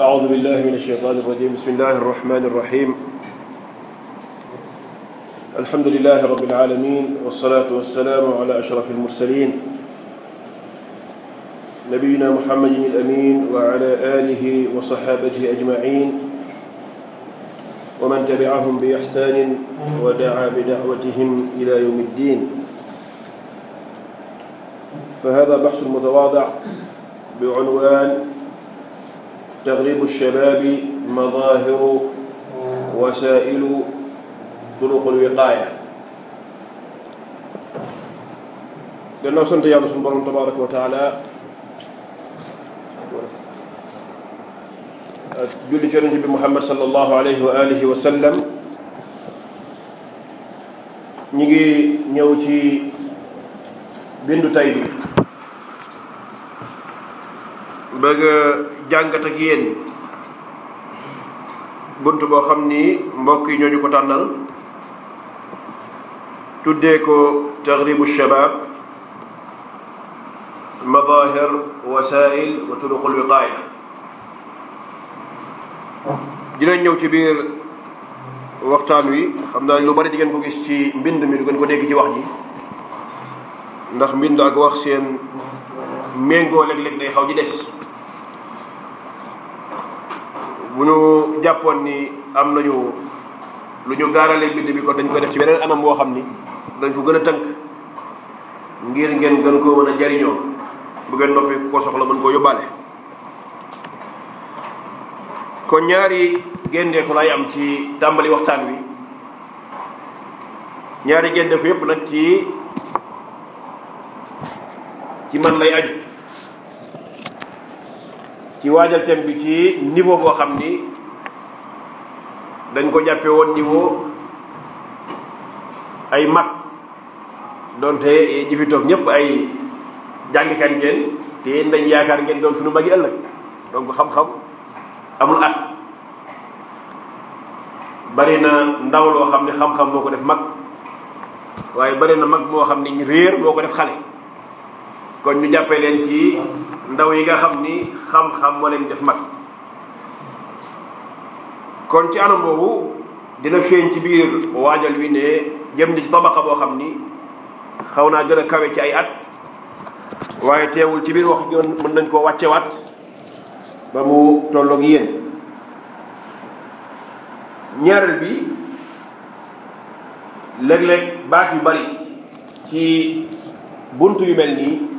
أعوذ بالله من الشيطان الرجيم بسم الله الرحمن الرحيم الحمد لله رب العالمين والصلاة والسلام على أشرف المرسلين نبينا محمد الأمين وعلى آله وصحابته أجمعين ومن تبعهم بإحسان ودعا بدعوتهم إلى يوم الدين فهذا بحث متواضع بعنوان تغريب الشباب مظاهر وسائل طرق الوقاية gannaaw sant yàlla suñu borom tabaraka wa taala ak julli ci yonente bi Muhammad sallallahu alayhi wa alihi wa sallam ñi ngi ñëw ci bindu tay bi bëgg jàngat ak yéen bunt boo xam ni mbokk yi ñooñu ko tànnal tuddee ko taxribu shabaab madahir wasail wa turuqul wiqaaya dinañ ñëw ci biir waxtaan wi xam naa lu bari di ngeen ko gis ci mbind mi du ngeen ko dégg ci wax ji ndax mbind ak wax seen méngoo léeg-léeg day xaw di des bu ñu jàppoon ni am nañu lu ñu gaaralee bind bi kon dañ koy def ci beneen anam boo xam ni dañ ko gën a tënk ngir ngeen gën koo mën jariñoo bu ngeen noppi ko soxla mën koo yóbbaale kon ñaari géndeeku lay am ci tàmbali waxtaan wi ñaari géndeeku yépp nag ci ci man lay aju ci waajal thème bi ci niveau boo xam ni dañ ko jàppe woon niveau ay mag donte ñi fi toog ñëpp ay jàngkat ngeen te yéen dañ yaakaar ngeen doon suñu magi ëllëg donc xam-xam amul at bari na ndaw loo xam ne xam-xam moo ko def mag waaye bari na mag moo xam ne réer moo ko def xale kon ñu jàppee leen ci ndaw yi nga xam ni xam-xam moo leen def mag kon ci anam boobu dina feeñ ci biir waajal wi ne jëm ni ci tabaqa boo xam ni xaw naa gën a kawe ci ay at waaye teewul ci biir wax gi mën nañ koo wàccewaat ba mu tolloog yéen ñaareel bi léeg-léeg baat yu bari ci bunt yu mel nii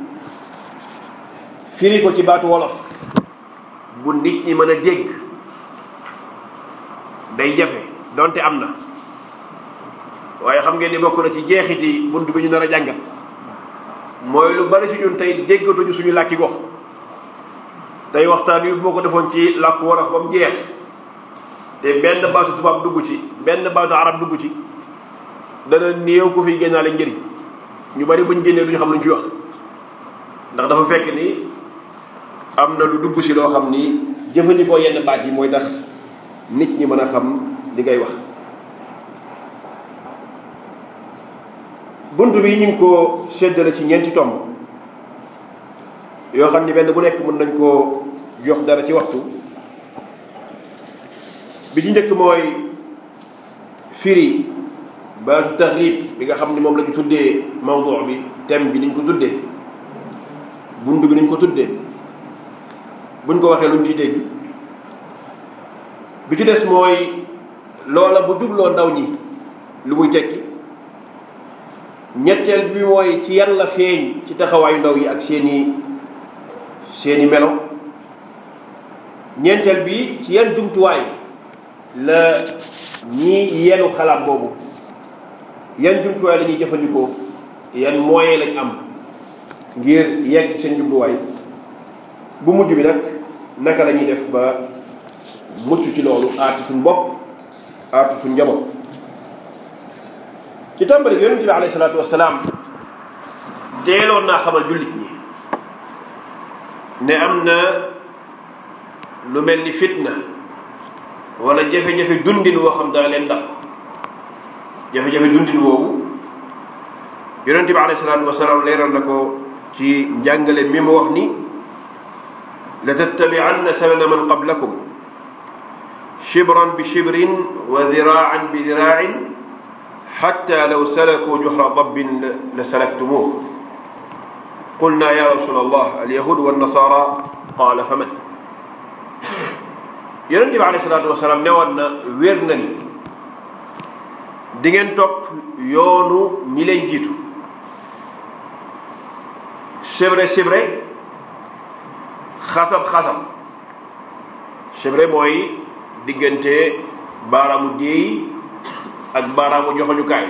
firi ko ci baatu wolof bu nit ñi mën a dégg day jafe donte am na waaye xam ngeen ni bokk na ci jeexi jeexiti bunt bi ñu nar a jàngat mooy lu bari ci ñun tey déggatuñu suñu làkki gox tey waxtaan yu moo ko defoon ci làkku wolof ba jeex te benn baatu tubaab dugg ci benn baatu arab dugg ci dana néew ku fiy génnaale njëriñ ñu bari buñ génnee duñu xam luñ ci wax ndax dafa fekk ni am na lu dugg ci loo xam ni jëfandikoo yenn baat yi mooy tax nit ñi mën a xam li ngay wax bunt bi ñu ko séddale ci ñeenti tomb yoo xam ni benn bu nekk mën nañ koo jox dara ci waxtu bi ci njëkk mooy firi baatu taxrib bi nga xam ni moom lañu tuddee mawdu bi thème bi niñ ko tuddee bunt bi niñ ko tuddee buñ ko waxee luñ ciy dégg bi ci des mooy loola bu jubloo ndaw ñi lu muy tekki ñetteel bi mooy ci yàlla feeñ ci taxawaayu ndaw yi ak seeni seeni melo ñeenteel bi ci yan jumtuwaay la ñi yenu xalaat boobu yan jumtuwaay lañuy jëfandikoo yan moyen lañ am ngir yegg seen jumtuwaay bu mujj bi nag naka lañuy ñuy def ba mucc ci loolu aatu suñ bopp aatu suñ njaboot ci tàmbali bi yonente bi alayhi salaatu wasalaam deeloon naa xamal jullit ñi ne am na lu mel ni fitna wala jafe-jafe dundin woo xam dana jafe-jafe dundin woowu yonente bi alayhi salaatu wasalaam leeral na ko ci njàngale mi mu wax ni latattabi'anna sanana man qablakum shibran bi shibrin wa diraacan bi diraacin xatta law salakuu juhra dabbin la salaktumuuh qulnaa yaa rasuula allah alyahuud wannasaara qaala faman yonent bi alayhi salaatu wasalaam newoon na wér na ni di ngeen topp yoonu ñi leen jiitu c'est vrai c'est vrai xasab-xasab chebre mooy diggante baaraamu déey ak baaraamu joxoñukaay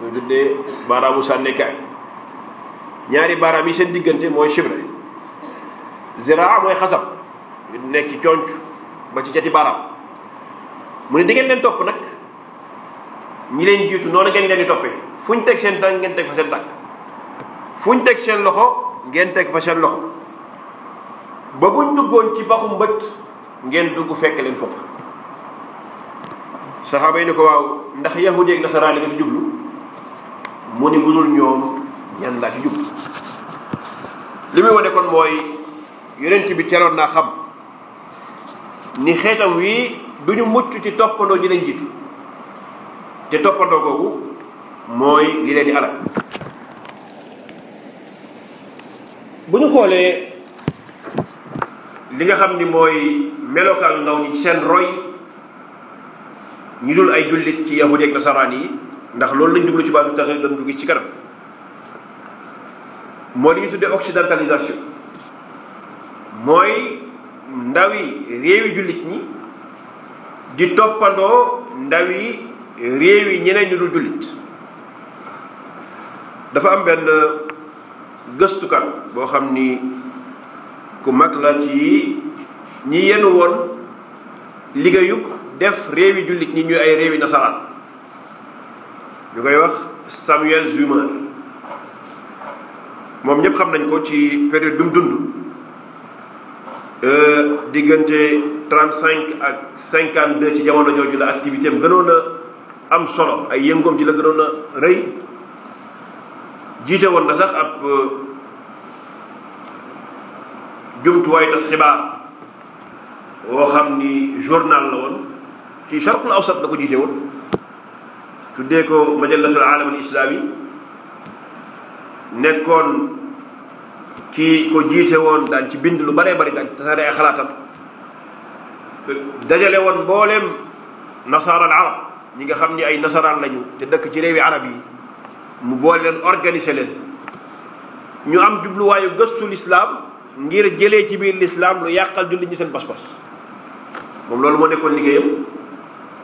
koy tuddee baaraamu sànnekaay ñaari baaraam yi seen diggante mooy chebre ziraa mooy xasab yu nekk ci conc ba ci cati baaraam mu ne di ngeen leen topp nag ñi leen jiitu noonu ngeen leen di toppee fu ñu teg seen tànk ngeen teg fa seen tànk fu ñu teg seen loxo ngeen teg fa seen loxo ba buñ duggoon ci baxu mbët ngeen dugg fekk leen foofu saxaaba yi ni ko waaw ndax yahudi ak nasaraan nga ci jublu mu ni budul ñoom ñan laa ci jublu li muy wane kon mooy yonent bi teroon naa xam ni xeetam wi du ñu mucc ci toppandoo ji leen jiitu te toppandoo googu mooy li leen di alal bu ñu xoolee li nga xam ni mooy melokaanu ndaw ñi seen roy ñu dul ay jullit ci yahudi ak nasaraan yi ndax loolu lañ jublu ci baatu taxir dañ dugg ci kanam moo li ñu tuddee occidentalisation mooy ndawi réewi jullit ñi di toppandoo ndawi réewi ñeneen ñu dul jullit dafa am benn gëstukat boo xam ni ku mag la ci ñi yenu woon liggéeyub def réewi jullit ñi ñuy ay réewi nasaraan ñu koy wax Samuel Zummer moom ñëpp xam nañ ko ci période bi mu dund euh, diggante trent cinq ak cinquante deux ci jamono jooju la activité am gënoon am solo ay yëngoom ci la gënoon a rëy jiite woon na sax ab euh, jumtuwaay tas xibaar woo xam ni journal la woon ci charqul awsat la ko jiite woon tuddee ko majallatul alamul islaami nekkoon ki ko jiite woon daan ci bind lu bëree bëri daan ci tasaare ay xalaatam dajale woon mbooleem nasaaral arab ñi nga xam ni ay nasaraan lañu te dëkk ci réewi arab yi mu boole leen organiser leen ñu am jubluwaayu gëstu lislaam ngir jëlee ci biir lislaam lu yàqal jullit ñi seen bas-bas moom loolu moo nekkoon liggéeyam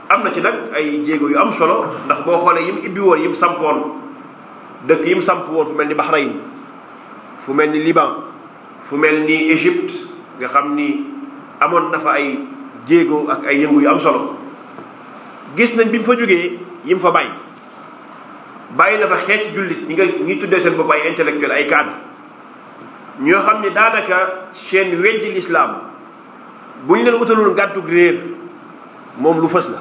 am na ci nag ay jéego yu am solo ndax boo xoolee yim ibbi woon yim samp woon dëkk yim samp woon fu mel ni Bahrain fu mel ni Liban fu mel ni Égypte nga xam ni amoon na fa ay jéego ak ay yëngu yu am solo gis nañ bi mu fa jógee yim fa bàyyi bàyyi na fa xeet jullit ñi nga ñi tuddee seen bopp ay intellectuel ay kaani ñoo xam ni daanaka seen weddi lislaam bu ñu leen wutalul gàttug réer moom lu fës la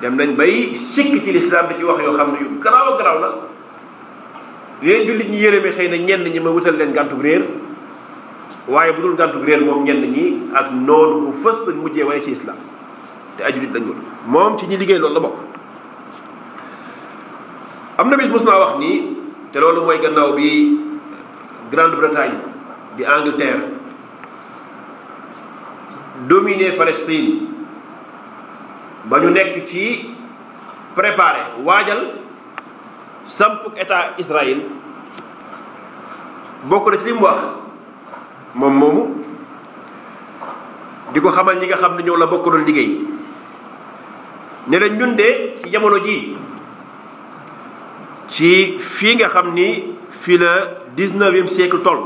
dem nañ bay sikk ci lislaam di ci wax yoo xam ne yu garaaw garaaw la leen jullit ñi yërëme xëy na ñenn ñi ma wutal leen gàttug réer waaye bu dul gàttug réer moom ñenn ñi ak noonu bu fës lañ mujjee waaye ci islaam te aju nit lañ moom ci ñi liggéey loolu la bokk am na bis mos naa wax nii te loolu mooy gannaaw bi Grande-Bretagne di Angleterre dominer Palestine ba ñu nekk ci préparer waajal sampuk état Israël bokk na ci li mu moom moomu di ko xamal ñi nga xam ne ñoo la bokk doon liggéey ne la ci jamono jii ci fii nga xam ni fii la dix-neuvième siècle toll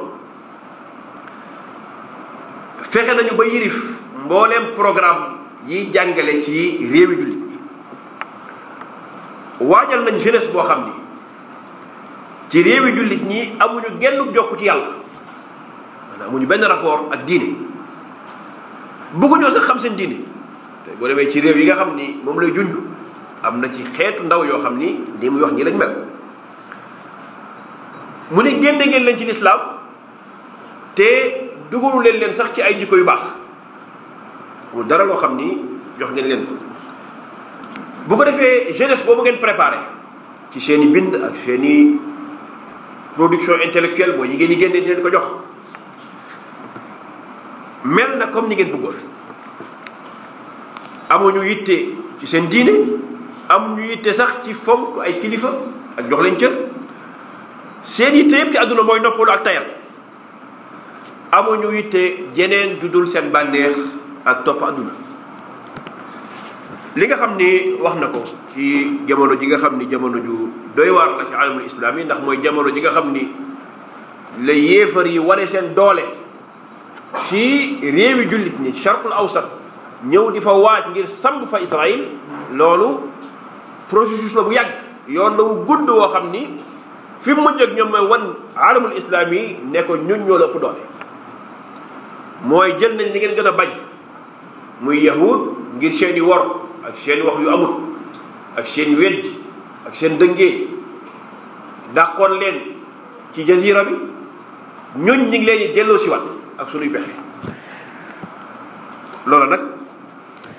fexe nañu ba yirif mbooleem programme yi jàngale ci réewi jullit ñi waajal nañ jeunesse boo xam ni ci réewi jullit ñi amuñu genn jokk ci yàlla maanaam amuñu benn rapport ak diine bëgguñoo sax xam seen diine te boo demee ci réew yi nga xam ni moom lay junj am na ci xeetu ndaw yoo xam ni li mu wax ñi lañ mel mu ne génne ngeen leen ci lislaam te dugalu leen leen sax ci ay jikko yu baax mu dara loo xam ni jox ngeen leen bu ko defee jeunesse boobu ngeen préparé ci seen i bind ak seen production intellectuelle mooy yi ngeen di génne di leen ko jox mel na comme ni ngeen bëggoon amuñu yitte ci seen diine amuñu yitte sax ci fonk ay kilifa ak jox leen cër seen yitte yëpp ci àdduna mooy noppalu ak tayal amuñu yitte jeneen ju dul seen bànneex ak topp àdduna li nga xam ni wax na ko ci jamono ji nga xam ni jamono ju doy war la ci alamul islam yi ndax mooy jamono ji nga xam ni la yéefar yi ware seen doole ci réewi jullit ñi charqul awsat ñëw di fa waaj ngir samb fa Israël loolu processus la bu yàgg yoon la wu gudd woo xam ni fi mu mujj ak ñoom mooy wan alamul islam yi ne ko ñun ñoo la ëpp doole mooy jël nañ li ngeen gën a bañ muy yahud ngir seen i wor ak seen wax yu amul ak seen weddi ak seen dëngee dàqoon leen ci jazira bi ñun ñi ngi leen delloo si wat ak sunuy pexe loolu nag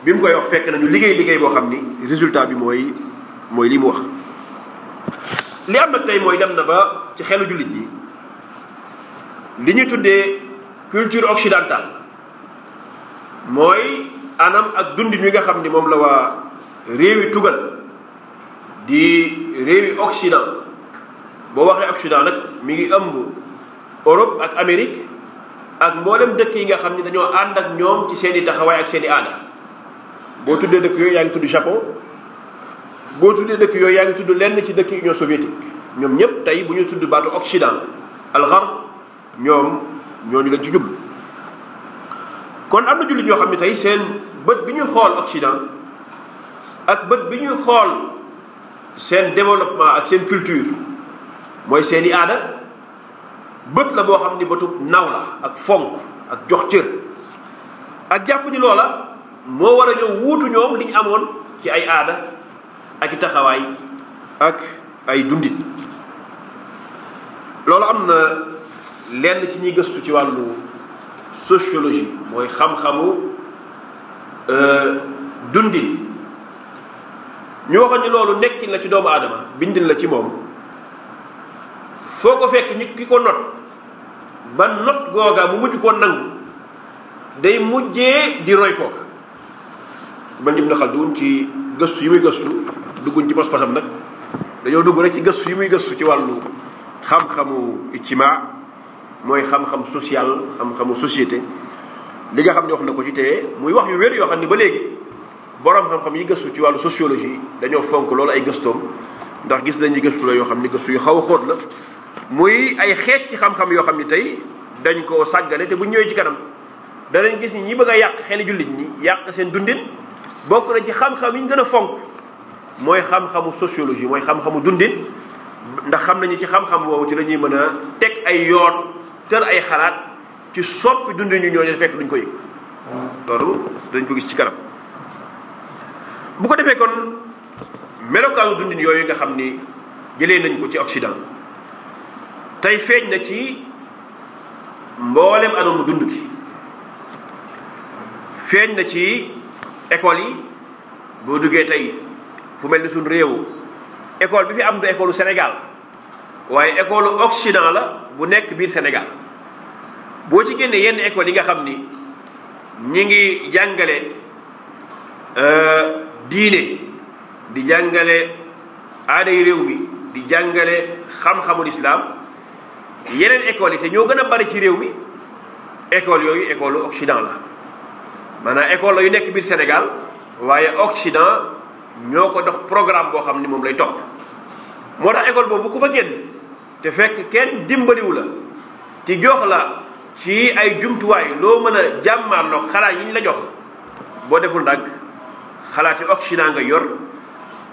bi mu koy wax fekk nañu liggéey liggéey boo xam ni résultat bi mooy mooy li mu wax li am nag tey mooy dem na ba ci xelu jullit yi li ñu tuddee culture occidentale mooy anam ak dund mi nga xam ni moom la waa réewi tugal di réewi occident boo waxee occident nag mi ngi ëmb Europe ak Amérique ak mboolem dëkk yi nga xam ni dañoo ànd ak ñoom ci seeni taxawaay ak seeni i boo tuddee dëkk yooyu yaa ngi tudd Japon boo tuddee dëkk yooyu yaa ngi tudd lenn ci dëkk union soviétique ñoom ñëpp tey bu ñu tudd baatu occident alxarb ñoom ñooñu lañ ci jublu kon am na jullit ñoo xam ne tey seen bët bi ñuy xool occident ak bët bi ñuy xool seen développement ak seen culture mooy seeni aada bët la boo xam ni bëtu naw la ak fonk ak jox cër ak jàpp ni loola moo war a ñëw wuutu ñoom li amoon ci ay aada ak i taxawaay ak ay dundit loolu am na lenn ci ñuy gëstu ci wàllu sociologie mooy xam-xamu euh, dundin ñu waxoon loolu nekkin la ci doomu aadama bindin la ci moom foo ko fekk ñu ki ko not ba not googa mu mujj koo nangu day mujjee di roy kooka man Ibn Khaldun ci gëstu yi muy gëstu dugguñ ci pas-pasam nag dañoo dugg rek ci gëstu yi muy gëstu ci wàllu xam-xamu ijtimaa mooy xam-xam social xam-xamu société li nga xam ne wax na ko ci te muy wax yu wér yoo xam ne ba léegi borom xam-xam yi gëstu ci wàllu sociologie dañoo fonk loolu ay gëstoom ndax gis nañu gëstu la yoo xam ne gëstu yu xaw a xóot la muy ay xeet ci xam-xam yoo xam ni tey dañ koo sàggane te bu ñëwee ci kanam danañ gis ñi bëgg a yàq xeli jullit ñi yàq seen dundin bokk na ci xam yi ñu gën a fonk mooy xam-xamu sociologie mooy xam-xamu dundin ndax xam nañu ci xam-xam boobu ci lañuy mën a teg ay yoon tër ay xalaat ci soppi dundin ñu ñooñu fekk duñ ko yëg loolu dañ ko gis ci kanam bu ko defee kon melokaanu dundin yooyu nga xam ni jëlee nañ ko ci Occident tey feeñ na ci mboolem mu dund gi feeñ na ci école yi boo duggee tey fu mel ni suñ réew école bi fi am du école Sénégal waaye école Occident la bu nekk biir Sénégal boo ci génnee yenn école yi nga xam ni ñi ngi jàngale euh, diine di jàngale aaday réew mi di jàngale xam-xamul islam yeneen école yi te ñoo gën a bari ci réew mi école yooyu école Occident la maanaam école la yu nekk biir Sénégal waaye Occident ñoo ko dox programme boo xam ni moom lay topp moo tax école boobu ku fa génn te fekk kenn dimbaliwu la te jox la ci ay jumtuwaay loo mën a jàmmaarloog xalaat yi ñu la jox boo deful nag xalaati Occident nga yor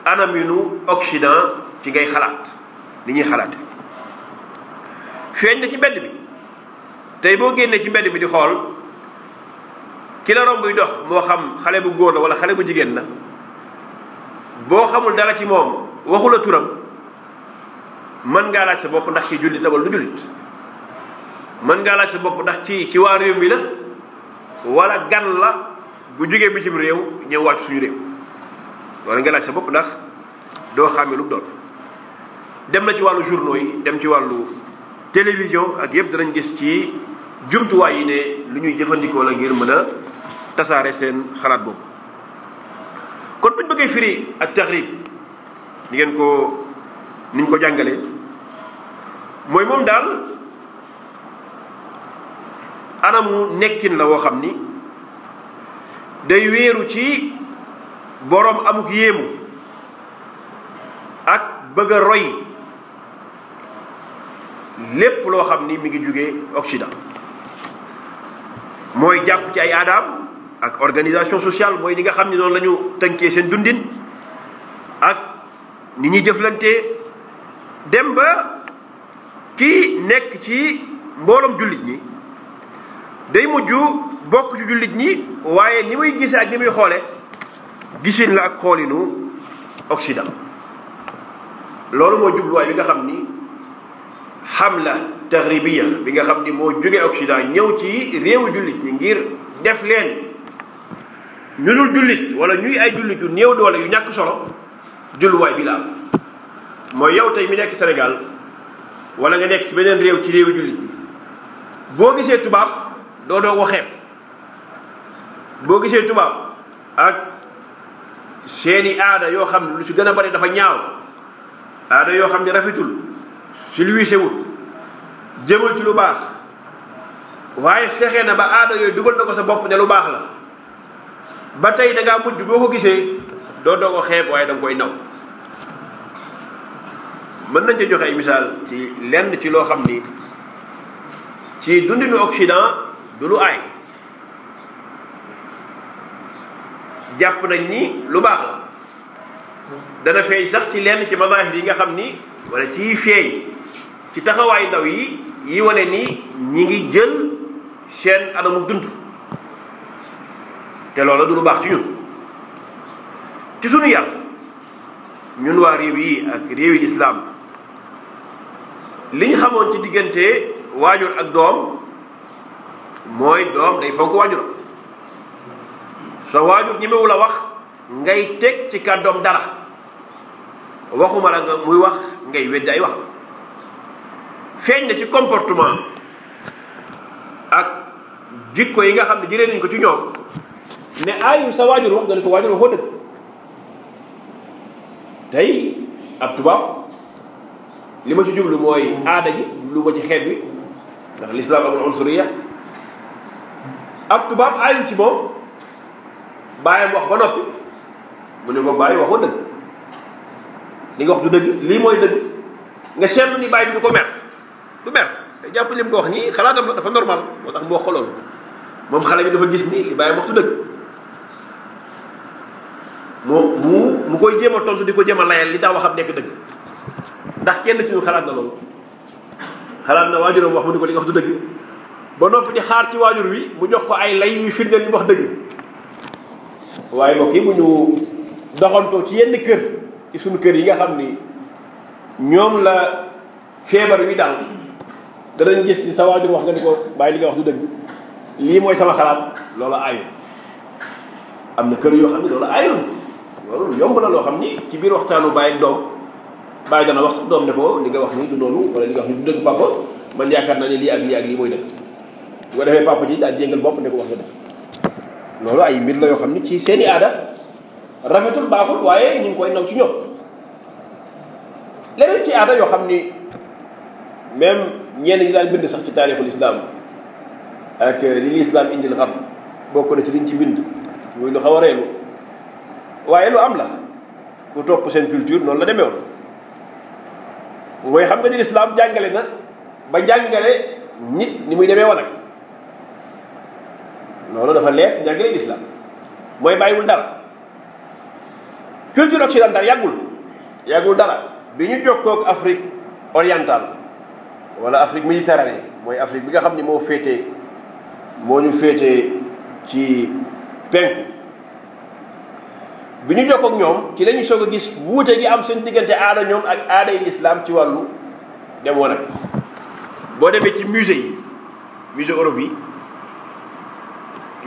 anam yu nu Occident ci ngay xalaat li ñuy xalaate feeñ na ci mbedd bi tey boo génnee ci mbedd bi di xool ki la rombuy dox moo xam xale bu góor la wala xale bu jigéen la boo xamul dara ci moom waxula turam mën ngaa laaj sa bopp ndax ci jullit la lu du jullit mën ngaa laaj sa bopp ndax ci ci waa réew mi la wala gan la bu jógee bitim réew ñëw wàcc suñu réew wala nga laaj sa bopp ndax doo xàmme lu doon dem na ci wàllu journaux yi dem ci wàllu télévision ak yëpp danañ gis ci jumtuwaay yi ne lu ñuy jëfandikoo la ngir mën a tasaare seen xalaat boobu kon buñ bëggee firi ak taxrib ni ngeen ko niñ ko jàngale mooy moom daal anamu nekkin la woo xam ni day wéeru ci boroom amuk yéemu ak bëgg a roy lépp loo xam ni mi ngi jóge Occident mooy jàpp ci ay aadaam ak organisation sociale mooy li nga xam ne noonu la ñu tënkee seen dundin ak ni ñuy jëflantee dem ba kii nekk ci mbooloom jullit ñi day mujj bokk ci jullit ñi waaye ni muy gisee ak ni muy xoole gisin la ak xoolinu Occident loolu moo jubluwaay bi nga xam ni xam xamla taxribiya bi nga xam ni moo jógee Occident ñëw ci réewu jullit ñi ngir def leen ñu dul jullit wala ñuy ay jullit yu néew doole yu ñàkk solo julluwaay bi la am mooy yow tey mu nekk Sénégal wala nga nekk ci beneen réew ci réewu jullit bi boo gisee tubaab doo doo ko xeeb boo gisee tubaab ak seeni aada yoo xam ne lu si gën a bari dafa ñaaw aada yoo xam ne rafetul si luy sewut jëmal ci lu baax waaye fexe na ba aada yooyu dugal na ko sa bopp ne lu baax la ba tey da ngaa mujj boo ko gisee doo doo ko xeeb waaye da koy naw mën nañ ca joxe ay misaal ci lenn ci loo xam ni ci dundinu Occident du lu aay jàpp nañ ni lu baax la dana feeñ sax ci lenn ci mazahir yi nga xam ni walla ci feeñ ci taxawaayu ndaw yi yi wane ni ñi ngi jël seen anamu dund te loola du lu baax ci ñun ci suñu yàlla ñun waa réew yi ak réewi lislaam li ñu xamoon ci diggante waajur ak doom mooy doom day fonk waajuram sa waajur ñemewu la wax ngay teg ci kàddoom dara waxuma la nga muy wax ngay weddi ay wax feeñ na ci comportement ak ko yi nga xam ne jëlee nañ ko ci ñoom ne aayul sa waajur wax nga ne ko waajur waxoo dëgg tey ab tubaab li ma ci jublu mooy aada ji lu ma ci xeet wi ndax lislaam amul unsuriya ab tubaab aayul ci moom bàyyam wax ba noppi mu ne ko bàyyi waxoo dëgg li nga wax du dëgg lii mooy dëgg nga seetlu ni bàyyi bi du ko mer du mer te jàpp li mu ko wax nii xalaatam dafa normal moo tax mu wax moom xale bi dafa gis ni li bàyyi wax du dëgg mu mu mu koy jéem a tontu di ko jéem layal li daa waxam nekk dëgg ndax kenn ci ñu xalaat na loolu xalaat na waajuram wax mu ni ko li nga wax du dëgg ba noppi di xaar ci waajur wi mu jox ko ay lay yuy firndeel li mu wax dëgg waaye mbokk yi doxantoo ci yenn kër ci kër yi nga xam ni ñoom la feebar wi daal danañ gis ni sa waajur wax nga ni ko bàyyi wax du dëgg lii mooy sama xalaat loolu aayul am na kër yoo xam ne loolu aayul loolu lu yomb la loo xam ni ci biir waxtaanu bàyyi doom bàyyi dana wax doom ne ko li nga wax ni du noonu wala li nga wax ni du dëgg papa man yaakaar na ne lii ak lii ak mooy dëgg bu ko defee papa ji daal jéngal bopp ne wax nga dëgg loolu ay mbir la yoo xam ni ci seeni aada rafetul baaxul waaye ñu ngi koy naw ci ñoom leneen ci aada yoo xam ni même ñeen ñi daal bind sax ci taarixul islam ak li li islam indil xam bokk na ci liñ ci bind muy lu xaw waaye lu am la ku topp seen culture noonu la demee woon mooy xam nga ni lislaam jàngale na ba jàngale nit ni muy demee woon ak loolu dafa leer jàngale lislaam mooy bàyyiwul dara culture occidentale yàggul yàggul dara bi ñu jokkoo ak Afrique orientale wala Afrique méditerranée mooy Afrique bi nga xam ni moo féete moo ñu féetee ci penku bi ñu jokk ak ñoom ci la ñu soog a gis wuute gi am seen diggante aada ñoom ak aaday lislaam ci wàllu dem woon boo demee ci musée yi musée Europe yi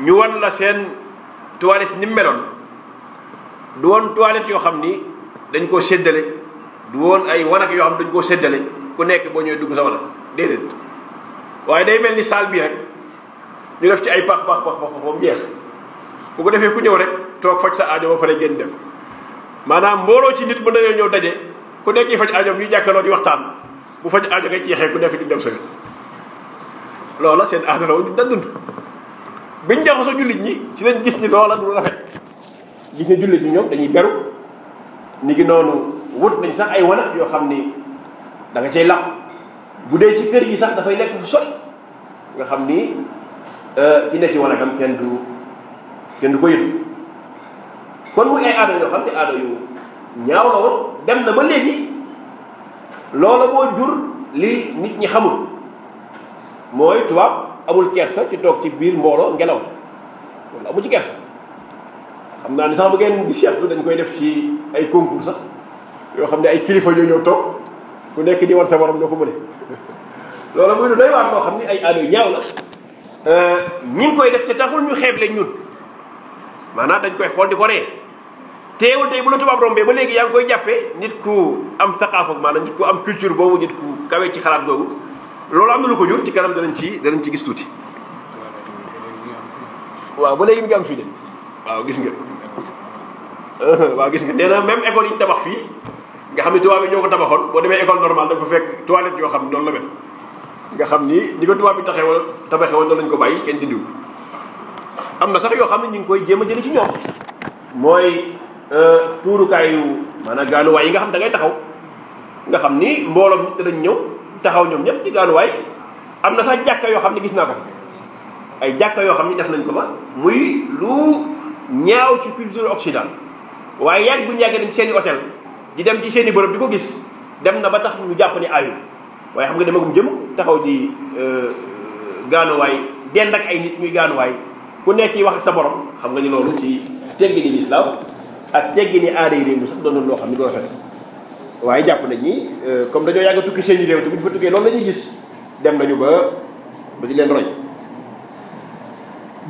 ñu wan la seen toilette ni meloon du woon toilette yoo xam ni dañ koo séddale du woon ay wanag yoo xam dañ koo seddale ku nekk boo ñëwee dugg sa wanag déedéet waaye day mel ni salle bii rek ñu def ci ay pax pax pax pax ba mu jeex bu ko defee ku ñëw rek. toog faj sa aajo ba pare génn dem maanaam mbooloo ci nit mën nañoo ñëw daje ku nekk yi faj aajo ñuy jàkkaloo di waxtaan bu faj aajo nga jeexee ku nekk di dem sa yoon loola seen aada la woon ñu daan dund bi jaxasoo jullit ñi ci leen gis ni loola du rafet gis ne jullit ñi ñoom dañuy beru ni ngi noonu wut nañ sax ay wana yoo xam ni danga nga cay bu dee ci kër gi sax dafay nekk fu sori nga xam ni euh, ki ne ci wanagam kenn du kenn du ko yëg kon muy ay aada yoo xam ne aada yu ñaaw la dem na ba léegi loola moo jur li nit ñi xamul mooy tubaab amul kersa ci toog ci biir mbooloo ngelaw wala amu ci kersa xam naa ni sax bu ngeen di dañ koy def ci ay concours yoo xam ne ay kilifa ñoo ñëw toog ku nekk di war sa borom ñoo ko mëne loola muy xam ne ay aada yu ñaaw la euh, ñi ngi koy def te taxul ñu xeeb leen ñun maanaam dañ koy xool di ko ree teewul tey bu la tubaab rombee ba léegi yaa ngi koy jàppee nit ku am saqaafa maanaam nit ku am culture boobu nit ku kawee ci xalaat googu loolu am na lu ko jur ci kanam danañ ci danañ ci gis tuuti. waaw ba léegi mi ngi am fii de waaw gis nga waaw gis nga nee na même école yi tabax fii nga xam ne tubaab yi ñoo ko tabaxoon boo demee école normale da nga fa fekk toilette yoo xam ne noonu la mel nga xam ni di ko tubaab bi taxee wala tabaxee woon noonu lañ ko bàyyi kenn dindiwu na sax yoo xam ne ñu ngi koy jéem a jëli ci ñoom Euh, tuurukaayu a gaanuwaay yi nga xam da ngay taxaw nga xam ni mbooloo nit dañ ñëw taxaw ñoom ñëpp di gaanuwaay am na sax jàkka yoo xam ne gis naa ko ay jàkka yoo xam ne def nañ ko fa muy lu ñaaw ci culture occidentale waaye yàgg bu ñu yàggee dem seen i di dem ci seen i bërëb di ko gis dem na ba tax ñu jàpp ni ayul waaye xam nga demagum jëm taxaw di euh, gaanuwaay dend ak ay nit ñuy gaanuwaay ku nekk yi wax ak sa borom xam nga ni loolu ci teggi ni lislaam ak teggini aada yi réew mi sax doonoon loo xam ni lu rafet waaye jàpp nañ ni euh, comme dañoo yàgg tukki seen i réew te bu fa tukkee loolu la ñuy gis dem nañu ba ba di leen roy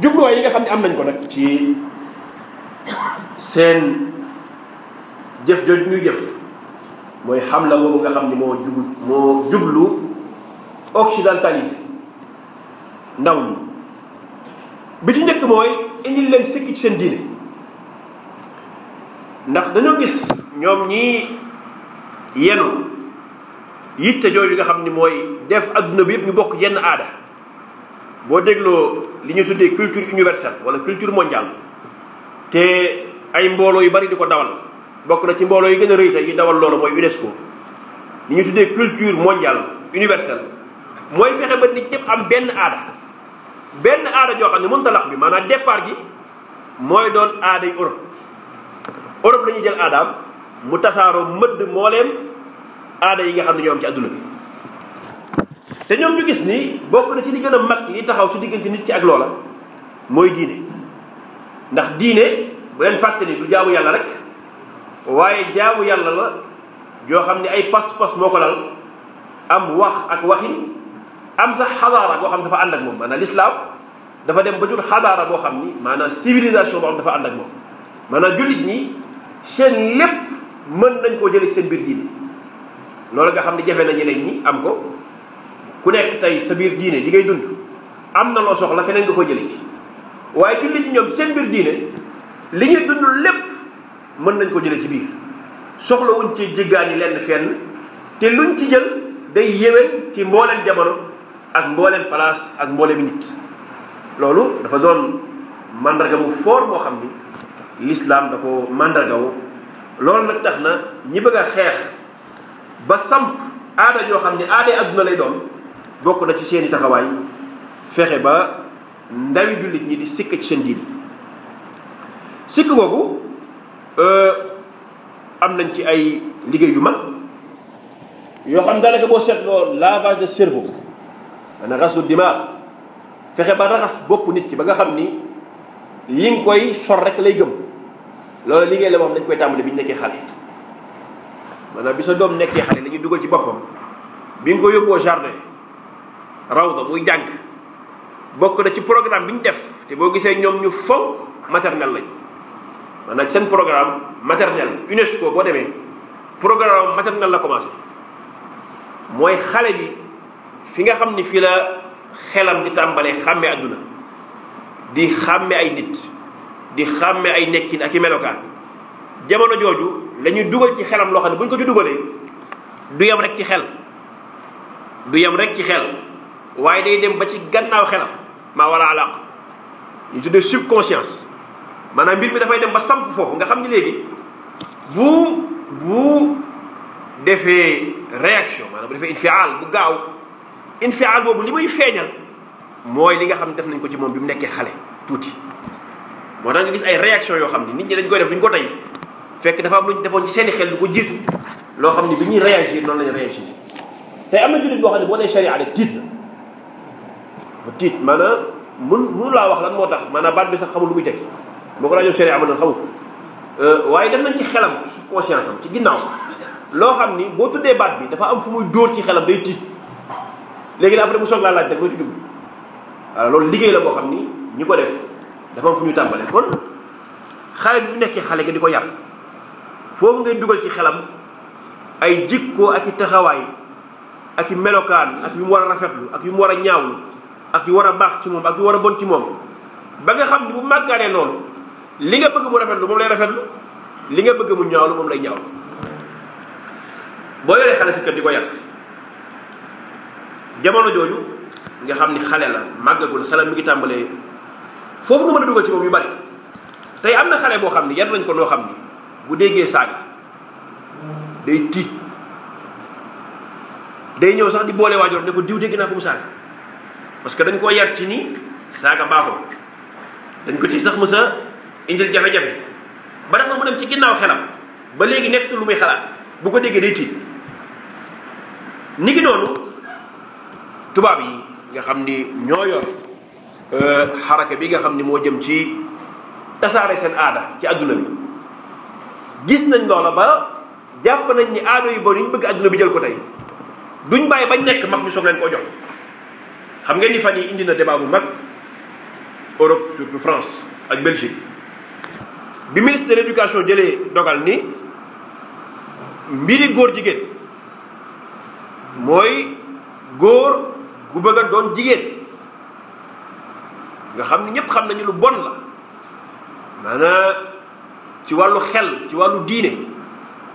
jubluwaay yi nga xam ne am nañ ko nag ci seen jëf jooju ñuy jëf mooy xam la boobu nga xam ni moo jublu moo jublu occidentalisé ndaw ñi bi ci njëkk mooy indil leen sikki ci seen diine ndax dañoo gis ñoom ñii yenu yitte jooju nga xam ni mooy def adduna bi yëpp ñu bokk yenn aada boo dégloo li ñu tuddee culture universelle wala culture mondiale te ay mbooloo yu bari di ko dawal bokk na ci mbooloo yi gën a rëy tey yi dawal loolu mooy UNESCO li ñu tuddee culture mondiale universelle mooy fexe ba nit ñëpp am benn aada benn aada joo xam ne mëntalax bi maanaam départ gi mooy doon aaday Europe Europe lañuy jël aadaam mu tasaaroo mëdd mbooleem aada yi nga xam ne ñoo am ci àdduna bi te ñoom ñu gis ni bokk na ci li gën a mag li taxaw ci diggante nit ki ak loola mooy diine ndax diine bu leen fàttali du jaamu yàlla rek waaye jaamu yàlla la yoo xam ne ay pas-pas moo ko lal am wax ak waxin am sax xadaara boo xam ne dafa ànd ak moom maanaam lislaam dafa dem ba jur xadaara boo xam ni maanaam civilisation boo xam dafa ànd ak moom maanaam jullit ñi seen lépp mën nañ koo jëlee ci seen biir diine loolu nga xam ne jafe na ñeneen ñi am ko ku nekk tey sa biir diine di ngay dund am na loo soxla feneen nga ko jëlee ci waaye jullit ñi ñoom seen biir diine li ñuy dund lépp mën nañ ko jëlee ci biir soxlawuñ ci jéggaani lenn fenn te luñ ci jël day yéwén ci mbooleem jamono ak mbooleem place ak mbooleem nit loolu dafa doon mandarga mu foor moo xam ni lislaam da ko màndargawo loolu nag tax na ñi bëgg a xeex ba samp aada yoo xam ni aaday adduna lay doon bokk na ci seeni taxawaay fexe ba ndawi jullit ñi di sikk ci seen diini sikk googu euh, am nañ ci ay liggéey yu mag yoo xam daanaka boo seetloo lavage de cerveau maanaam rasu dimaag fexe ba raxas bopp nit ki ba nga xam ni li nga koy sor rek lay gëm loolu liggéey la moom dañ koy tàmbali bi ñu nekkee xale maanaam bi sa doom nekkee xale la ñuy dugal ci boppam bi nga ko yóbboo jardin rawda muy jàng bokk na ci programme bi ñu def te boo gisee ñoom ñu fonk maternelle lañ maanaam seen programme maternelle UNESCO boo demee programme maternelle la commencé mooy xale bi fi nga xam ni fii la xelam di tàmbalee xàmme àdduna di xàmme ay nit di xàmme ay nekkin ak i melokaan jamono jooju lañuy dugal ci xelam loo xam ne bu ñu ko ci dugalee du yem rek ci xel du yem rek ci xel waaye day dem ba ci gannaaw xelam maa war a alaq ñu tuddee maanaam mbir mi dafay dem ba samp foofu nga xam ni léegi bu bu defee réaction maanaam bu defee infial bu gaaw infial boobu li may feeñal mooy li nga xam ne def nañ ko ci moom bi mu nekkee xale tuuti moo tax nga gis ay réaction yoo xam ni nit ñi dañ koy def duñ ko tey fekk dafa am lu ñu defoon ci seeni xel lu ko jiitu loo xam ni bi ñu réagir noonu lañ réagir tey am na jullit boo xam ne boo nee charia rek tiit na tiit maanaam mun mënu laa wax lan moo tax maanaam baat bi sax xamul lu muy tekki boo ko laajoon charia amoon xamul euh, waaye def nañ ci xelam su conscience am ci ginnaaw loo xam ni boo tuddee baat bi dafa am fu muy dóor ci xelam day tiit léegi la après mu soog laa laaj rek loo ci loolu liggéey la boo xam ni ñi ko def dafa am fu ñuy tàmbalee kon xale bi bu nekkee xale gi di ko yar foofu ngay dugal ci xelam ay jikko ak i taxawaay ak i melokaan ak yu mu war a rafetlu ak yu mu war a ñaawlu ak yu war a baax ci moom ak yu war a bon ci moom ba nga xam ni bu màggaanee noonu li nga bëgg mu lu moom lay rafetlu li nga bëgg mu ñaawlu moom lay ñaawlu boo yoree xale si kër di ko yar jamono jooju nga xam ni xale la màggagul xelam mi ngi tàmbalee. foofu nga mën a dugal ci moom yu bari tey am na xale boo xam ne yar nañ ko noo xam ni bu déggee saaga day tiit day ñëw sax di boole waajoor ne ko diw dégg naa ko mu saaga parce que dañ koo yar ci nii saaga baaxul dañ ko ci sax mës a indil jafe-jafe ba tax na mu dem ci ginnaaw xelam ba léegi nekk lu muy xalaat bu ko déggee day tiit ni ki noonu tubaab yi nga xam ni ñoo yor Euh, xaraka bi nga xam ni moo jëm ci tasaare seen aada ci adduna bi gis nañ loola ba jàpp nañ ni aada yu bon yi ñu bëgg adduna bi jël ko tey duñ bàyyi bañ nekk mag ñu soog leen koo jox xam ngeen ni fan yi indi na débat bu mag Europe surtout France ak Belgique bi ministre de l'éducation jëlee dogal ni mbiri góor jigéen mooy góor gu bëgg doon jigéen nga xam ne ñëpp xam nañu lu bon la maanaam ci wàllu xel ci wàllu diine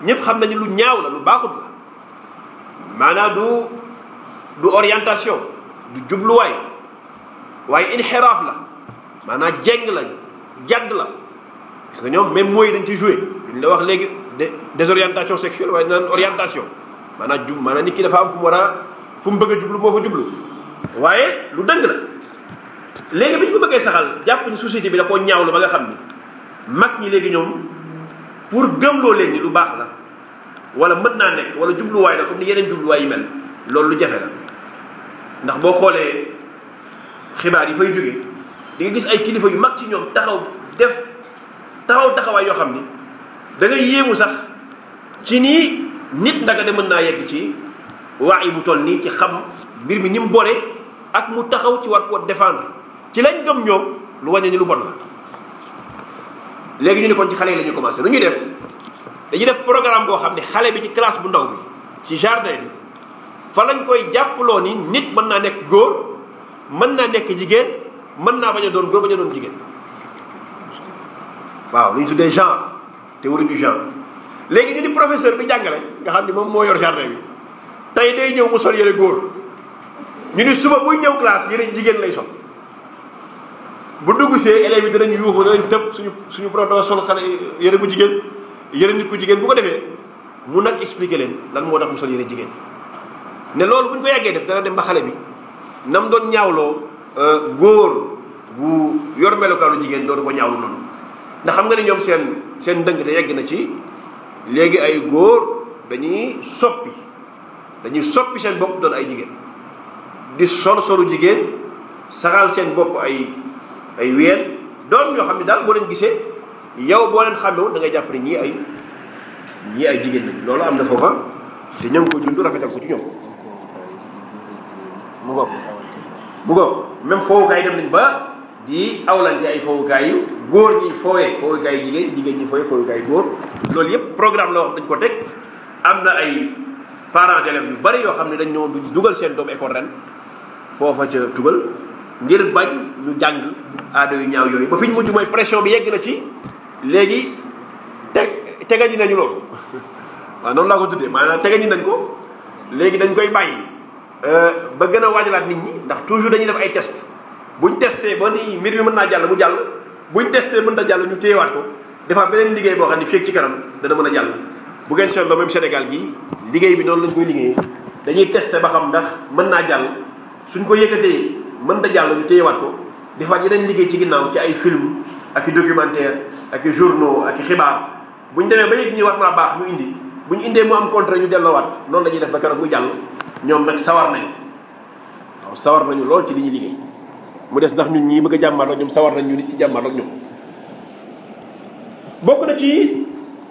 ñëpp xam nañu lu ñaaw la lu baaxut la maanaam du du orientation du jubluwaay waaye inxiraaf la maanaam jeng la jàdd la parce que ñoom même mooy dañ ci joué duñ la wax léegi désorientation sexuelle waaye naan orientation maanaam jub maanaam nit ki dafa am fu mu war a fu mu bëgg a jublu moo fa jublu waaye lu dëng la léegi bi ñu ko bëggee saxal jàpp ni société bi da koo ñaawlu ba nga xam ni mag ñi léegi ñoom pour gëmloo leen ni lu baax la wala mën naa nekk wala jubluwaay la comme ni yeneen jubluwaay yi mel loolu lu jafe la ndax boo xoolee xibaar yi fay jóge di nga gis ay kilifa yu mag ci ñoom taxaw def taxaw taxawaay yoo xam ni da ngay yéemu sax ci nii nit ndaka de mën naa yegg ci waax yi bu toll nii ci xam mbir mi ni mu bore ak mu taxaw ci war koo défendre ci lañ gëm ñoom lu wàññi ni lu bon la léegi ñu ni kon ci xale yi la ñuy commencé nu ñuy def dañuy def programme boo xam ne xale bi ci classe bu ndaw bi ci jardin bi fa lañ koy jàppaloo ni nit mën naa nekk góor mën naa nekk jigéen mën naa bañ a doon góor bañ a doon jigéen waaw lu ñu tuddee te théorie du genre léegi ñu di professeur bi jàngale nga xam ni moom moo yor jardin bi tey day ñëw mu sol yëre góor ñu ni suba buy ñëw classe yëre jigéen lay sol bu dugg see élèves yi danañ yuuxu danañ tëb suñu suñu prodo sol xale yére bu jigéen yëre nit ku jigéen bu ko defee mun nag expliquer leen lan moo tax mu sol yëre jigéen ne loolu bu ñu ko yàggee def dana dem ba xale bi nam doon ñaawloo euh, góor bu yor melokaanu jigéen dootu ko ñaawlu noonu ndax xam nga ni ñoom seen seen te yegg na ci léegi ay góor dañuy soppi dañuy soppi seen bopp doon ay jigéen di sol solu jigéen saxaal seen bopp ay ay ween doom yoo xam ne daal boo leen gisee yow boo leen xàmmewul da ngay ñii ay ñii ay jigéen lañu loolu am na foofa te ñoo ngi ko du rafetal ko ci ñoom mu ngoog mu foowukaay dem nañ ba di awlante ay foowukaay góor ñi fooyee foowukaay yu jigéen jigéen ñi fooyee foowukaay yu góor loolu yëpp programme la wax dañ ko teg am na ay parents d'élèves yu bari yoo xam ne dañ ñëwoon duñ dugal seen doom école ren foofa ca tugal ngir bañ ñu jàng aada yu ñaaw yooyu ba fi ñu mujj mooy pression bi yegg na ci léegi te tegañu nañu loolu waaw noonu laa ko tuddee maanaam tegañu nañ ko léegi dañ koy bàyyi euh, ba gën a waajalaat nit ñi ndax toujours dañuy def ay test buñ testé ba ni mbir mi mën naa jàll mu jàll buñ testé mën na jàll ñu téye waat ko defaat beneen liggéey boo xam ne fii ci kanam dana mën a jàll bu ngeen seetloo même Sénégal gii liggéey bi noonu lañ koy liggéeyee dañuy testé ba xam ndax mën naa jàll suñ ko yëkkatee mën na jàll téyewaat ko di yi yeneen liggéey ci ginnaaw ci ay film ak i documentaire ak i journaux ak i xibaar bu ñu demee ba yëg ñu war naa baax ñu indi bu ñu indee mu am contrat ñu delloowaat noonu la ñuy def ba keroog mu jàll ñoom nag sawar nañ waaw sawar nañu lool ci li ñuy liggéey mu des ndax ñun ñii bëgg a jàmmarloog ñoom sawar nañ ñu nit ci jàmmarloog ñoom bokk na ci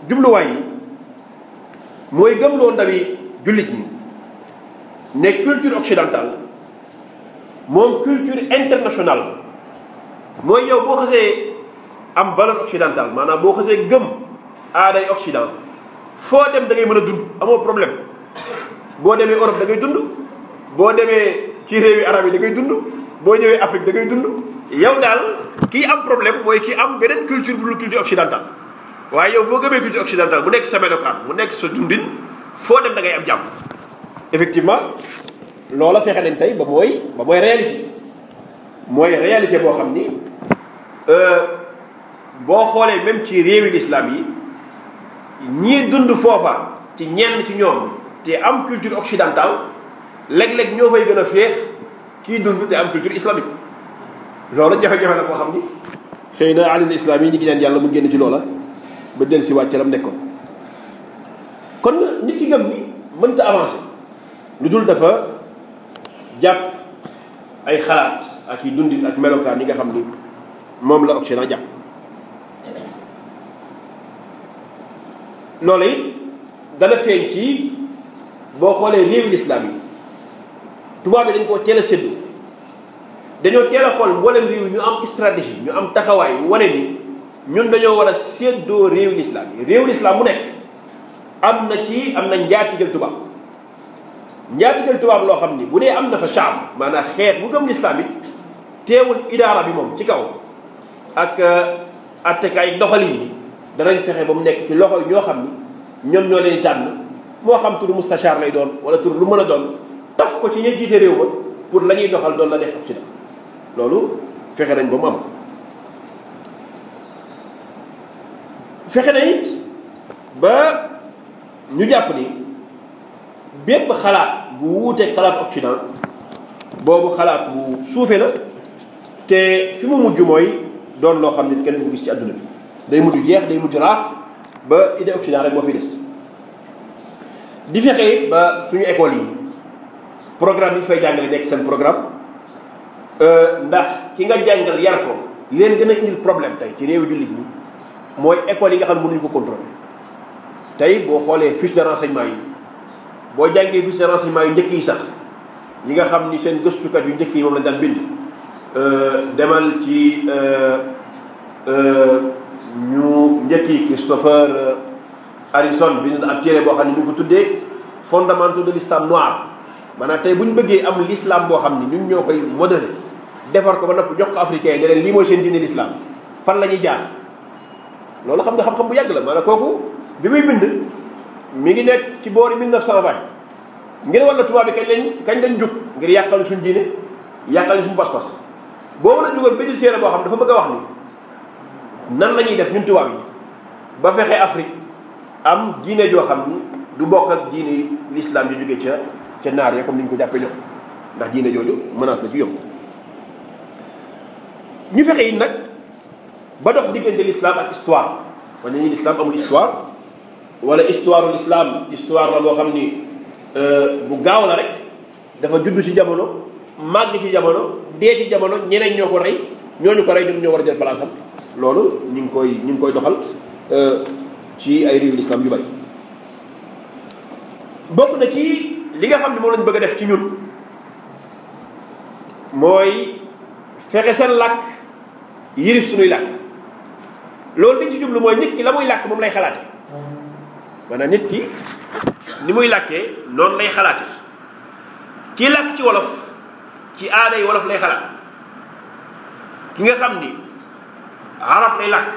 jubluwaay yi mooy gëmloo ndawi jullit ñi ne culture occidentale moom culture internationale mooy yow boo xasee am valeur occidentale maanaam boo xasee gëm aaday occident foo dem da ngay mën a dund amoo problème boo demee Europe da ngay dund boo demee ci réewi arab yi da dund boo ñëwee Afrique da ngay dund yow daal kii am problème mooy kii am beneen culture bu dul culture occidentale waaye yow boo gëmee culture occidentale mu nekk sa melokaan mu nekk sa dundin foo dem da am jàmm effectivement loola fexe nañ tey ba mooy ba mooy réalité mooy réalité boo xam ni euh, boo xoolee même ci réewi lislaam yi ñii dund foofa ci ñenn ci ñoom te am culture occidentale léeg-léeg ñoo fay gën a féex kii dund te am culture islamique loolu jafe-jafe la boo xam ni xëy na alim islam yi ñu ngi ñaan yàlla mu génn ci loola ba del si wàccalam nekkoon kon nit ki gëm ni mënta avancer lu dul dafa jàpp ay xalaat ak yi dundin ak melokaan yi nga xam ni moom la na jàpp loolu it dana feeñ ci boo xoolee réewi lislaam yi tubaab yi dañ koo teel a dañoo teel xool mboolem réew ñu am stratégie ñu am taxawaay wane ni ñun dañoo war a séddoo réewi lislaam yi réewi lislaam mu nekk am na ci am na njaatigal tubaab njaatigal tubaab loo xam ni bu dee am dafa fa maanaa maanaam xeet bu gëm lislaam it teewul idaara bi moom ci kaw ak euh, attekaay doxalin yi danañ fexe ba mu nekk ci loxo ñoo xam ni ñoom ñoo leen tànn moo xam tur mustachar lay doon wala tur lu mën a doon taf ko ci ña jiite réew ma pour la ñuy doxal doon la def ci dal loolu fexe nañ ba mu am fexe nañ ba ñu jàpp ni bépp xalaat bu wuuteeg xalaat occident boobu xalaat bu suufe na te fi mu mujj mooy doon loo xam ne kenn du gis ci àdduna bi day mujj jeex day mujj raaf ba idée occident rek moo fi des di fexe it ba suñu école yi programme yi ñu fay jàngale nekk seen programme euh, ndax ki nga jàngal yar ko leen gën a indil problème tey ci réewu jullit ñi mooy école yi nga xam ne mënuñu ko contrôler tey boo xoolee fiche de renseignement yi boo jàngee fi seen renseignement yu njëkk yi sax yi nga xam ni seen gëstukat yu njëkk yi moom lañ daan bind euh, demal ci euh, euh, ñu njëkk yi Christopher Harrison bind na ab téere boo xam ne ñu ko tuddee fondamentaux de l'islam noir maanaam tey bu ñu bëggee am l'islam boo xam ni ñu ñoo koy modélé defar ko ba noppi jox ko africain yi ne lii mooy seen diine l'islam fan la ñuy jaar loolu xam nga xam-xam bu yàgg la maanaam kooku bi muy bind mi ngi nekk ci boori 1920 ngir wala tubaab bi kañ lañ kañ lañ jug ngir yàqal suñu diine yàqal suñu pas-pas boobu la jugoon benn boo xam dafa bëgg a wax ni nan la ñuy def ñun tubaab ba fexe Afrique am diine joo xam ni du bokk ak diine l'islam ju jóge ca ca naar ya comme ni ñu ko jàppee ñoom ndax diine jooju menace la ci yomb ñu fexe it nag ba dox diggante l'islam ak histoire na ñu l'islam amul histoire wala histoire ul islam histoire la loo xam ni euh, bu gaaw la rek dafa judd ci jamono màgg ci jamono dee jamono ñeneen ñoo ko rey ñooñu ko rey ñoom ñoo war a jël place loolu ñu ngi koy ñu ngi koy doxal euh, ci ay réewu islam yu bari bokk na ci li nga xam ne moom lañ bëgg a def ci ñun mooy fexe seen làkk yërif suñuy làkk loolu liñ ci jublu mooy nit ki la muy làkk moom lay xalaat maanaam nit ki ni muy làkkee noonu lay xalaate kii làkk ci wolof ci aada yi wolof lay xalaat ki nga xam ni arab lay làkk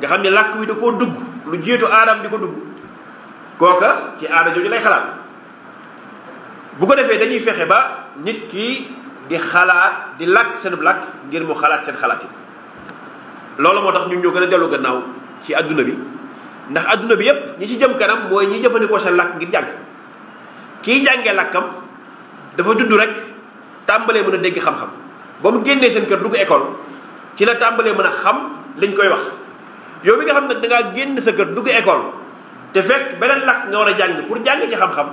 nga xam ni làkk wi da koo dugg lu jiitu aadam di ko dugg kooka ci aada jooju lay xalaat bu ko defee dañuy fexe ba nit ki di xalaat di làkk seen làkk ngir mu xalaat seen xalaat yi loolu moo tax ñun ñoo gën a dellu gannaaw ci adduna bi ndax àdduna bi yépp ñi ci jëm kanam mooy ñi jëfandikoo seen làkk ngir jàng kii jàngee làkkam dafa dudd rek tàmbalee mën a dégg xam-xam ba mu génnee seen kër dugg école ci la tàmbalee mën a xam lañ koy wax yow mi nga xam nag dangaa génn sa kër dugg école te fekk beneen làkk nga war a jàng pour jàng ci xam-xam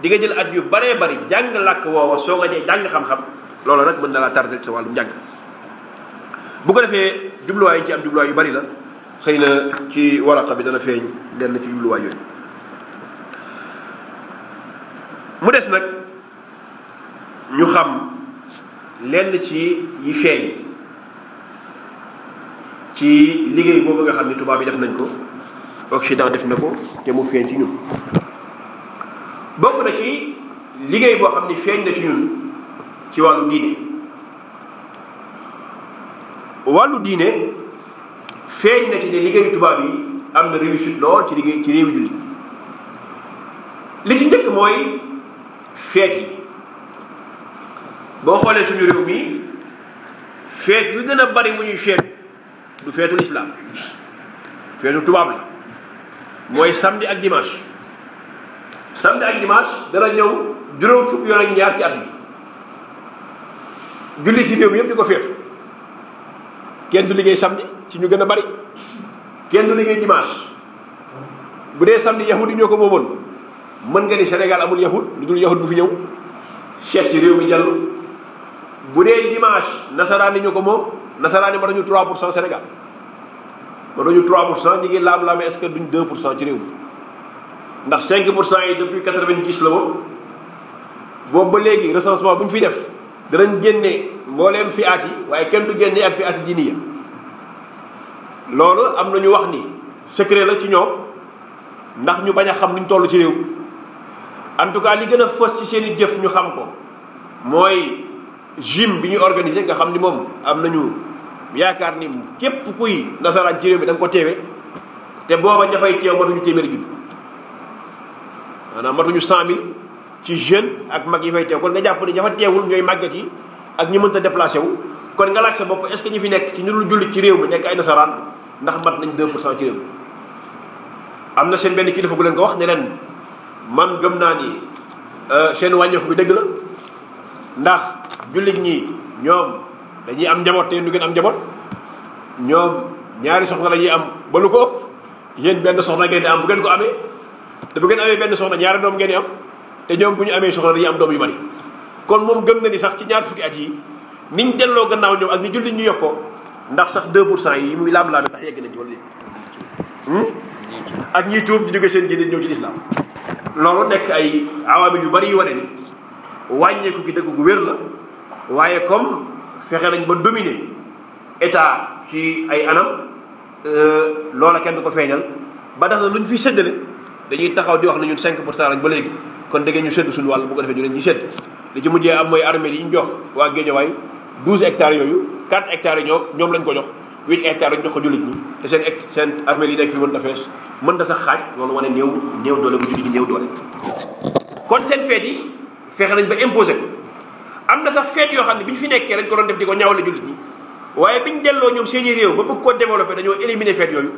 di nga jël at yu baree bari jàng làkk woowa soo nga jee jàng xam-xam loolu nag mën na laa tardel sa wàllum jàng bu ko defee jubluwaay yi ci yu bari la xëy na ci waraqa bi dana feeñ lenn ci jubluwaay yooyu mu des nag ñu xam lenn ci yi feeñ ci liggéey boobu nga xam ni tubaab yi def nañ ko Occident def na ko te mu feeñ ci ñun bokk na ci liggéey boo xam ni feeñ na ci ñun ci wàllu diine wàllu diine feeñ na ci ne liggéeyu tubaab yi am na réussite lool ci liggéey ci réewi jullit li ci njëkk mooy feet yi boo xoolee suñu réew mi feet yu gën a bari mu ñuy feet du feetul islam feetu tubaab la mooy samedi ak dimanche samedi ak dimanche dara ñëw juróom fukk yoon ñaar ci at bi julli ci réew mi yëpp di ko feetu kenn du liggéey samedi ci ñu gën a bari kenn du liggéey dimanche bu dee samedi yahud yi ñoo ko moomoon mën nga ni Sénégal amul yahud lu dul yahud bu fi ñëw cheikh si réew mi jàll bu dee dimanche nasaraani ñu ko moom nasaraani ma dañu 3 pour cent Sénégal ma dañu 3 pour cent ñu ngi laam-laame est-ce que pour cent ci réew mi ndax 5 pour cent yi depuis 90 la woon boobu ba léegi recensement bu ñu fi def danañ génne mbooleem fi at yi waaye kenn du génne ak at yi loolu am na ñu wax ni secret la ci ñoom ndax ñu bañ a xam luñ toll ci réew en tout cas li gën a fës ci seen i jëf ñu xam ko mooy gym bi ñuy organiser nga xam ni moom am nañu yaakaar ni képp kuy nasaraan ci réew mi da ko teewe te boo ña fay teew matuñu téeméer junni maanaam matuñu cent ci jeune ak mag yi fay teew kon nga jàpp ni ña teewul ñooy màgget yi ak ñi mënta déplacé wu kon nga laaj sa bopp est ce que ñu fi nekk ci ñu dul jullit ci réew mi nekk ay nasaraan ndax mat nañ 2 pour cent ci réew mi am na seen benn kilifa gu leen ko wax ne leen man gëm naa ni euh, seen wàññeeku bi dëgg la ndax jullit ñi ñoom dañuy am njaboot te yéen du ngeen am njaboot ñoom ñaari soxna la ñuy am ba ko ëpp yéen benn soxna ngeen di am bu ngeen ko amee te gën ngeen amee benn soxna ñaari doom ngeen di am te ñoom bu ñu amee soxna dañuy am doom yu bari kon moom gëm na ni sax ci ñaar fukki at yi niñ delloo gannaaw ñoom ak ni jullit ñu yokkoo ndax sax 2 pour cent yi muy laam laame ndax yegg nañ ci wala yëg hmm? ak ñiy tuub di jóge seen diine ñëw ci lislaam loolu nekk ay awaamil yu bari yu wane ni wàññeeku gi dëgg gu wér la waaye comme fexe nañ ba dominer état ci ay anam euh, loola kenn du ko feeñal ba tax na fi fiy séddale dañuy taxaw di wax ne ñun 5 pour cent lañ ba léegi kon dëgg ñu sédd suñu wàll bu ko defee ñu leen ci sédd li ci mujjee am mooy ñu jox waa Géejawaay douze hectare yooyu quatre hectares yi ñoom lañ ko jox huit hectares ñu jox ko jullit ñi te seen seen armée yi nekk fi mën ta fees mën ta sax xaaj loolu wane néew doole bu jullit ñi néew doole kon seen feet yi fexe nañ ba imposé ko am na sax feet yoo xam ne bi ñu fi nekkee dañ ko doon def di ko ñaawale jullit ñi waaye bi ñu delloo ñoom seeni réew ba bëgg koo développé dañoo éliminer feet yooyu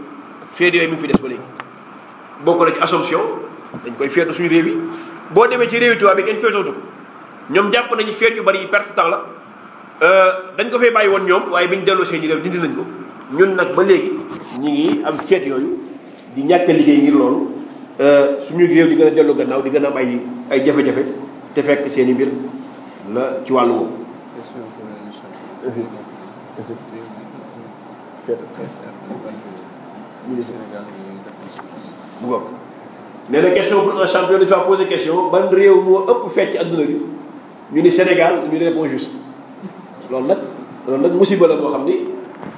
feet yooyu mi ngi fi des ba léegi bokk na ci Assomption dañ koy feetu suñu réew yi boo demee ci réew tubaab bi kenn feetootu ko ñoom nañu feet yu bari yi perte temps la Euh, dañ ko fee bàyyi woon ñoom waaye bi biñ delloo seen yërew dindi nañ ko ñun nag ba léegi ñu ngi am seet yooyu di ñàkk liggéey ngir loolu euh, suñu réew di gën a dellu gannaaw di gën a am ay ay jafe-jafe te fekk seen i mbir la ci wàllu woowu. nee na question pour un champion dañu question ban réew moo ëpp fecc ci adduna ñu ni Sénégal ñu ne réponse juste loolu nag loolu nag musiba la boo xam ni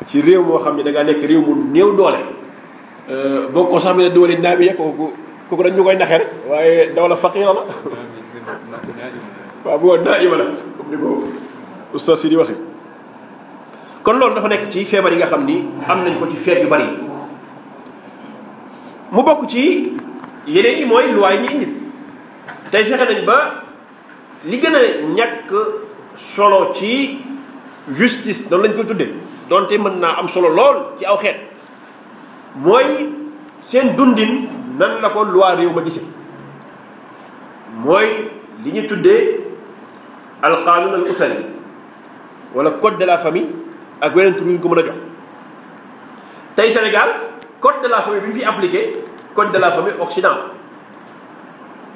ci réew moo xam ni da nekk réew mu néew doole euh, boo ko sax mi ne doole naa bi kooku kooku dañ ñu koy naxee rek waaye dawla faqiira la waaw boo naa ima la comme si di waxe kon loolu dafa nekk ci feebar yi nga xam ni am nañ ko ci feet yu bari mu bokk ci yeneen yi mooy luwaay ñu indi tey fexe nañ ba li gën a ñàkk solo ci justice noonu lañ koy tuddee donte mën naa am solo lool ci aw xeet mooy seen dundin nan la ko loi réew ma gisee mooy li ñu tuddee alqanun al usali wala code de la famille ak weneen tur yu ko mën a jox tey Sénégal code de la famille bi ñu fi appliqué code de la famille occident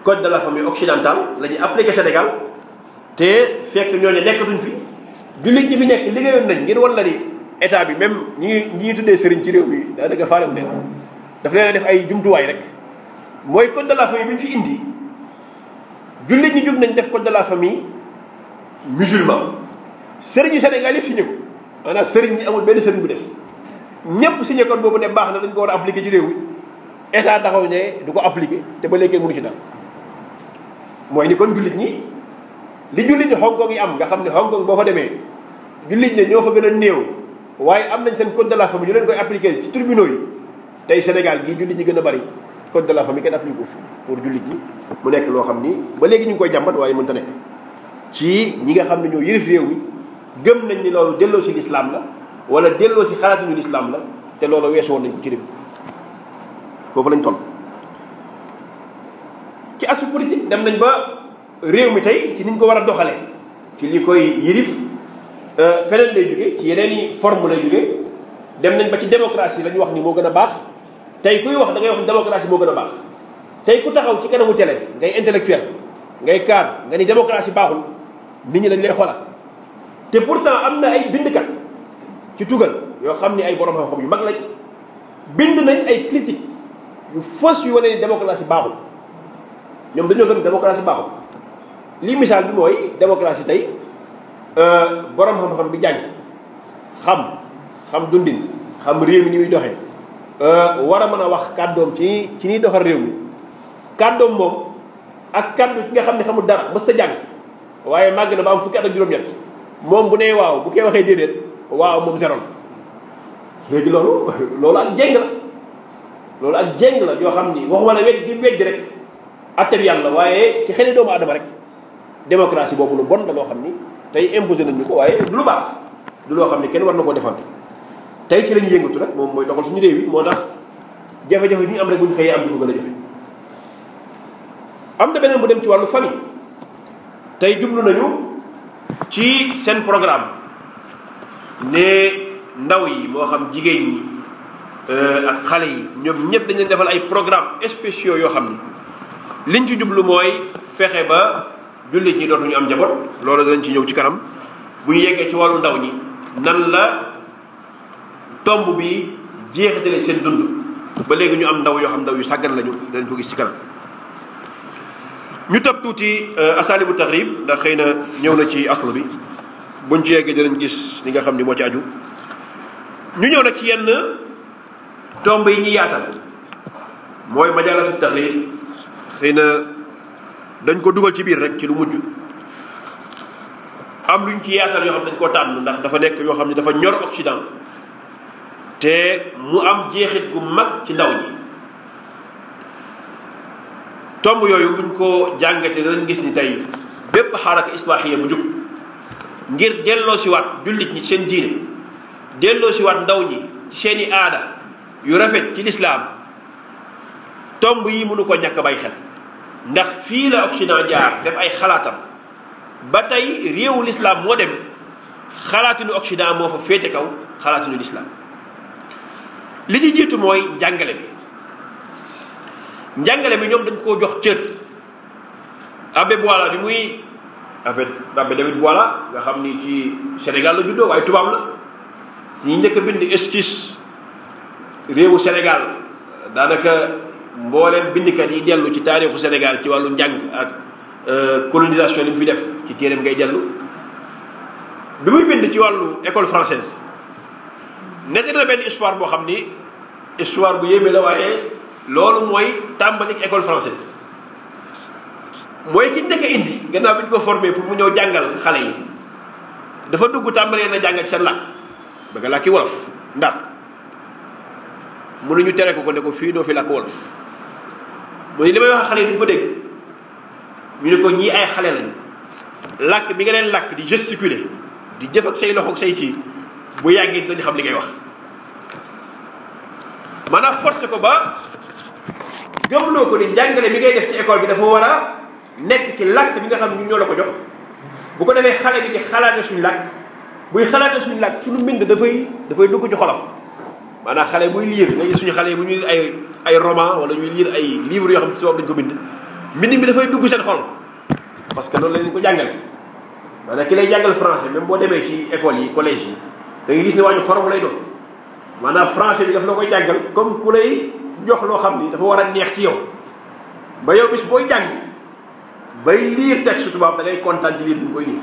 code de la famille occidentale la ñuy appliqué Sénégal te fekk ñooñu nekkatuñ fi jullit ñi fi nekk liggéeyoon nañ ngir wan la ni état bi même ñi ñi ñuy tuddee sëriñ ci réew mi daanaka faalam leen daf leen def ay jumtuwaay rek mooy code de la famille bi ñu fi indi jullit ñi jóg nañ def code de la famille musulman sëriñu Sénégal yëpp signé ko maanaam sëriñ ñi amul benn sëriñ bu des ñëpp signé code boobu ne baax na dañ ko war a appliqué ci réew mi état taxaw ne du ko appliqué te ba léegi mënu ci dal mooy ni kon jullit ñi li julliti Hong Kong yi am nga xam ne Hong Kong boo fa demee jullit ne ñoo fa gën a néew waaye am nañ seen code de la famille ñu leen koy appliqué ci tribunaux yi tey Sénégal gii jullit ñi gën a bari code de la famille kenn appliqué ko pour jullit ñi mu nekk loo xam ni ba léegi ñu ngi koy jàmbat waaye mënta nekk ci ñi nga xam ne ñoo yërif réew mi gëm nañ ni loolu delloo si lislaam la wala delloo si xalaatuñu lislaam la te loolu wees woon nañ ko ci réew foofu lañ toll ci nañ ba réew mi tey ci niñ ko war a doxalee ci li koy yirif euh, feneen lay jóge ci yeneen yi form lay jóge dem nañ ba ci démocratie la ñu wax ni moo gën a baax tey kuy wax da ngay wax ni démocratie gën a baax tey ku taxaw ci kanamu télé ngay intellectuel ngay cadre nga ni démocratie baaxul nit ñi dañ lay xola te pourtant am na ay bindkat ci tugal yoo xam ni ay borom xam-xam yu mag lañ bind nañ ay critique yu fës yu wane ni baaxul ñoom dañoo gën démocratie baaxul li misaal bi mooy démocratie tey euh, borom xam-xam bi jàng xam xam dundin xam réew mi ni muy doxee euh, war a mën a wax kàddoom ci ci ñuy doxal réew mi kàddoom moom ak kàddu ki nga xam ne xamul dara mës ta jàng waaye màgg na ba am fukki at ak juróom-ñett moom bu nee waaw bu koy waxee déedéet waaw moom zéro la léegi loolu loolu ak jéng la loolu ak jéng la yoo xam ni waxuma la wedd di wedd rek attab yàlla waaye ci xeli doomu adama rek démocratie boobu lu bon la loo xam ni tey imposé nañ ko waaye du lu baax du loo xam ni kenn war na koo defante tey ci lañ yëngatu nag moom mooy doxal suñu réew yi moo tax jafe-jafe ñu am rek bu ñu xëyee am di ko gën a jafe am na beneen bu dem ci wàllu famille tey jublu nañu ci seen programme ne ndaw yi moo xam jigéen ñi euh, ak xale yi ñoom ñëpp dañ defal ay programme spéciaux yoo xam ni liñ ci jublu mooy fexe ba jullit ñi dootuñu am njaboot loolu danañ ci ñëw ci kanam bu ñu yeggee ci wàllu ndaw ñi nan la tomb bi jeexitale seen dund ba léegi ñu am ndaw yoo xam ndaw yu sàggan lañu danañ ko gis ci kanam ñu tab tuuti euh, asalibu taxrib ndax xëy na ñëw na ci asl bi buñ ci yeggee danañ gis li nga xam ni moo ci aju ñu ñëw nag ci yenn tomb yi ñuy yaatal mooy majaalatu taxrir xëy na dañ ko dugal ci biir rek ci lu mujj am luñ ci yaatal yoo xam ne dañ koo tànn ndax dafa nekk yoo xam ne dafa ñor Occident te mu am jeexit gu mag ci ndaw ñi tomb yooyu buñ ko jàngatee danañ gis ni tey bépp xaaraka islaahiya bu jub ngir delloo si waat jullit ñi seen diine delloo si ndaw ñi ci seeni aada yu rafet ci lislaam tomb yi mënu ko ñàkk bay xel ndax fii la Occident jaar def ay xalaatam ba tey réewu lislaam moo dem xalaatinu Occident moo fa féete kaw xalaatinu lislaam li ci jiitu mooy njàngale bi njàngale bi ñoom dañ koo jox cër abbé Boilat bi muy en fait abbé David Boilat nga xam ni ci Sénégal la juddoo waaye tubaab la ñi njëkk a bind esquisse réewu Sénégal daanaka mbooleem bindkat yi dellu ci taarixu Sénégal ci wàllu njàng ak euh, colonisation li mu fi def ci téereem ngay dellu bi muy bind ci wàllu école française nekk na benn histoire boo xam ni histoire bu yéeme la waaye loolu mooy tàmbali école française mooy ki njëkk a indi gannaaw bi ñu ko formé pour mu ñëw jàngal xale yi dafa dugg tàmbalee na jàngal seen làkk bëgg làkki wolof ndar mënuñu tere ko ko ne ko fii doo fi làkk wolof mooy li may wax xale yi duñ ko dégg ñu ne ko ñii ay xale lañu làkk bi nga leen làkk di gesticuler di jëf ak say loxo ak say kii bu yàggee dañu xam li ngay wax maanaam forcé ko ba gëmloo ko ni njàngale mi ngay def ci école bi dafa war a nekk ci làkk bi nga xam ñu ñoo la ko jox bu ko defee xale bi di xalaate suñu làkk buy xalaate suñu làkk suñu mbind dafay dafay dugg ci xolam maanaa xale buy liir nga gis suñu xale yi bu ñuy liir ay ay roman wala ñuy liir ay livres yoo xam ne ci boobu dañu ko bind mbind mi dafay dugg seen xol parce que loolu lañu ko jàngale maanaam ki lay jàngal français même boo demee ci école yi collège yi da nga gis ne waa ñu xorom lay doon maanaam français bi daf la koy jàngal comme ku lay jox loo xam ni dafa war a neex ci yow ba yow bis booy jàng bay liir texte tubaab da ngay kontaan ci liir bi nga koy liir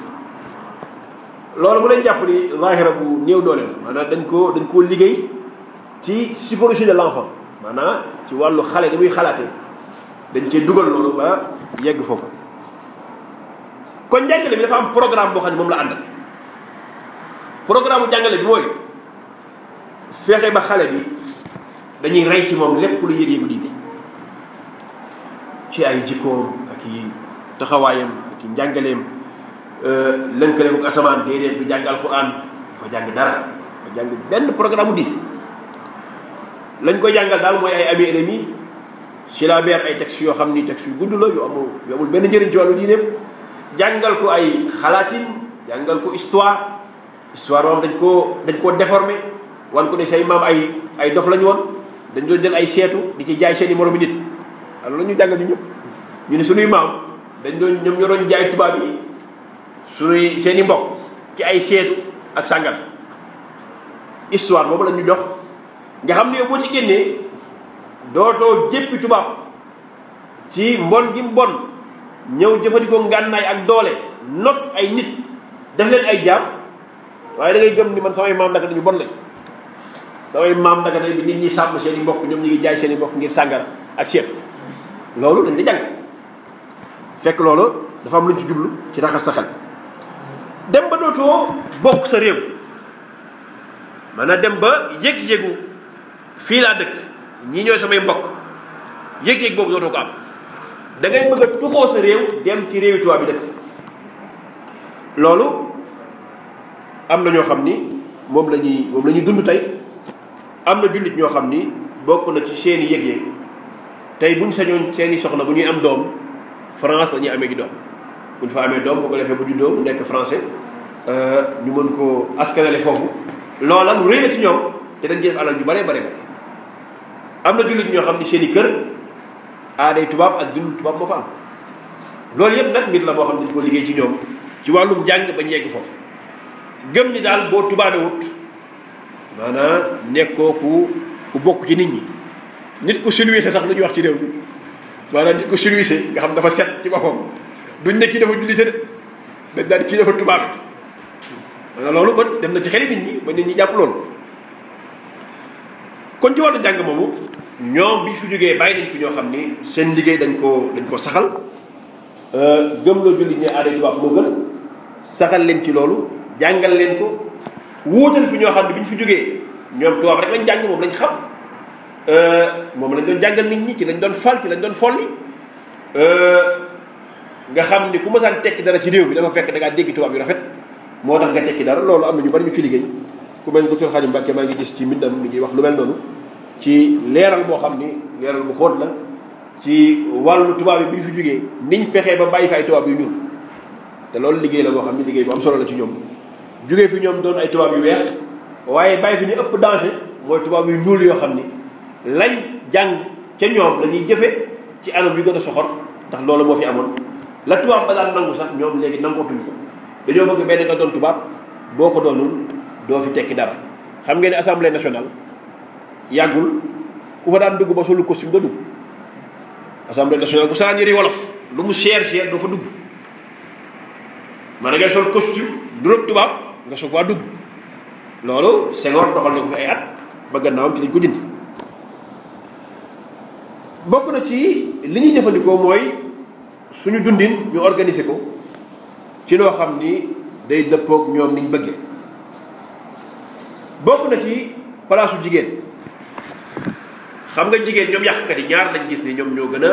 loolu bu leen jàpp bu néew doole la dañ koo dañ koo liggéey ci psychologie de l'enfant maanaam ci wàllu xale ni muy xalaatee dañ cee dugal loolu ba yegg foofu kon njàngale bi dafa am programme boo xam ne moom la àndal programme bu jàngale bi mooy fexe ba xale bi dañuy rey ci moom lépp lu yëgee bu diine ci ay jikkoom ak i taxawaayam ak i njàngaleem euh, lënkaleem ak asamaan déedéet du jàng alxuraan dafa jàng dara dafa benn programme bu diine lañ koy jàngal daal mooy ay ami RMI ci ay text yoo xam ni textes yu gudd la yu amul yu benn njëriñ ci wàllu diineem jàngal ko ay xalaatin jàngal ko histoire histoire moom dañ koo dañ koo déformé wan ko ne say maam ay ay dof lañ woon dañ doon jël ay seetu di ci jaay seen i moromu nit alors la ñu jàngal ñu ñëpp ñu ne suñuy maam dañ doon ñoom ñoo doon jaay tubaab yi suñuy seen i mbokk ci ay seetu ak sàngal histoire boobu la ñu jox nga xam ne yow boo ci génnee dootoo jéppi tubaab ci mbon gi mbon ñëw jëfandikoo ngànnaay ak doole not ay nit def leen ay jaam waaye da ngay gëm ni man samay maam ndaka dañu bon lañ samay maam ndaka bi nit ñi sàmm seen i mbokk ñoom ñi ngi jaay seeni i ngir sàngara ak seet loolu dañ la jàng fekk loolu dafa am luñ ci jublu ci raxas sa xel dem ba dootoo bokk sa réew mën a dem ba yëg-yëgu fii laa dëkk ñii ñooy samay mbokk yëg-yëg boobu dootoo ko am da ngay tuxoo sa réew dem ci réewi tubaab bi dëkk loolu am na ñoo xam ni moom lañuy moom la ñuy dund tey am na jullit ñoo xam ni bokk na ci seeni yëg-yëg tey buñ sañoon seeni soxna bu ñuy am doom France la ñuy amee ji doom buñ fa amee doom bu ko defee bu juddoo mu nekk français euh, ñu mën ko askanale foofu loola lu rëy la ci ñoom te dañ ci def alal ju bare bare am na jullit ñoo xam ne seeni i kër aaday tubaab ak dund tubaab moo fa am loolu yëpp nag mbir la boo xam ne dañ ko liggéey ci ñoom ci wàllum njàng ba ñegg foofu gëm ni daal boo tubaabewut maanaam nekkoo ku ku bokk ci nit ñi nit ku silwise sax lu wax ci réew mi maanaam nit ku silwise nga xam dafa set ci boppam duñ ne kii dafa julise de dañ daal kii loolu ba dem na ci xeli nit ñi ba nit ñi jàpp loolu kon ci wàllu jàng moomu ñoom bi fi jógee bàyyi dañ fi ñoo xam ni seen liggéey dañ koo dañ ko saxal euh, gëm loo jullit ne aaday tubaab moo gën saxal leen ci loolu jàngal leen ko wuutal fi ñoo xam ne bi ñu fi jógee ñoom tubaab rek lañ jàng moom lañ xam euh, moom lañ doon jàngal nit ñi ci lañ doon fal ci lañ doon folli euh, nga xam ni ku mësaan tekki dara ci réew bi dafa fekk da ngaa dégg tubaab yu rafet moo tax nga tekki dara loolu am na ñu bari ñu ci liggéey ku mel ni docteur Khadim Mbacke maa ngi gis ci mbindam mi ngi wax lu mel noonu ci leeral boo xam ni leeral bu xóot la ci wàllu tubaab yi bi ñu fi jógee niñ fexee ba bàyyi fi ay tubaab yu ñuul te loolu liggéey la boo xam ne liggéey bu am solo la ci ñoom jógee fi ñoom doon ay tubaab yu weex waaye bàyyi fi ñu ëpp danger mooy tubaab yu yoo xam ni lañ jàng ca ñoom la ñuy jëfe ci anam yu gën a soxor ndax loolu moo fi amoon la tubaab ba daan nangu sax ñoom léegi nangootuñ ko dañoo bëgg benn nga doon tubaab boo ko doonul doo fi tekki dara xam ngeen ne assemblée nationale yàggul ku fa daan dugg ba solu costume nga dugg assemblée nationale bu saa yëre wolof lu mu cher cher doo fa dugg man ngay sol costume duróob tubaab nga soog faa dugg loolu Senghor doxal na ko fi ay at ba gannaawam ci na ci li ñuy jëfandikoo mooy suñu dundin ñu organiser ko ci loo xam ni day dëppook ñoom niñ bëggee bokk na ci palaasu jigéen xam nga jigéen ñoom yàqkat yi ñaar lañ gis ni ñoom ñoo gën a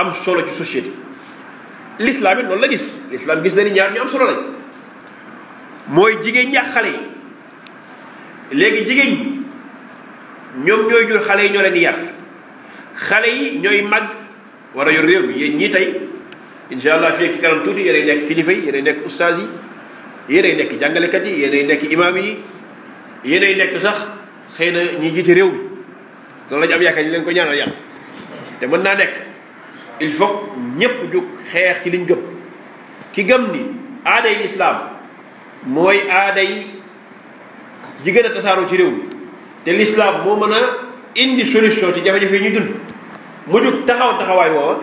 am solo ci société l'islam it noonu la gis l'islam gis na ni ñaar ñu am solo lañ mooy jigéen ñi xale yi léegi jigéen ñi ñoom ñooy jur xale yi ñoo leen di yar xale yi ñooy màgg war a yor réew mi ñii tey incha allah fii ak kanam tuuti yéenay nekk kilifa yi yéenay nekk ustaas yi yéenay nekk jàngalekat yi yu nekk imaam yi yéenay nekk sax xëy na ñi jiite réew bi loolu lañu am yaakaar ñu leen ko a yàlla te mën naa nekk il faut ñépp jug xeex ci liñ gëm ki gëm ni aaday lislaam mooy aaday ji a tasaaroo ci réew mi te lislaam moo mën a indi solution ci jafe-jafe yi ñuy dund mu jug taxaw taxawaay woowa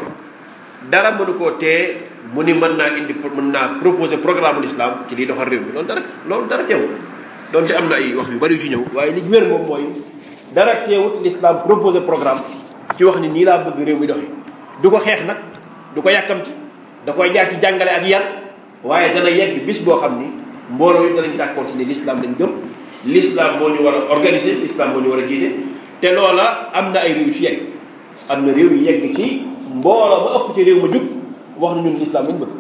dara mënu koo tee mu ni mën naa indi mën naa proposer programme l'islam ci liy doxal réew mi loolu dara loolu dara teewul doonte am na ay wax yu bari yu ñëw waaye li wér moom mooy dara teewut l'islam proposer programme ci wax ni nii laa bëgg réew mi doxi du ko xeex nag du ko yàkkamti da koy jaar ci jàngale ak yar waaye dana yegg bis boo xam ni mbooloo yi danañ d'accord ci ni l'islam lañ gëm l'islam moo ñu war a organiser l'islam moo ñu war a jiite te loola am na ay réew yu ci yegg am na réew yu yegg ci mbooloo ma ëpp ci réew ma jug wax na ñun lislaam lañ bëgg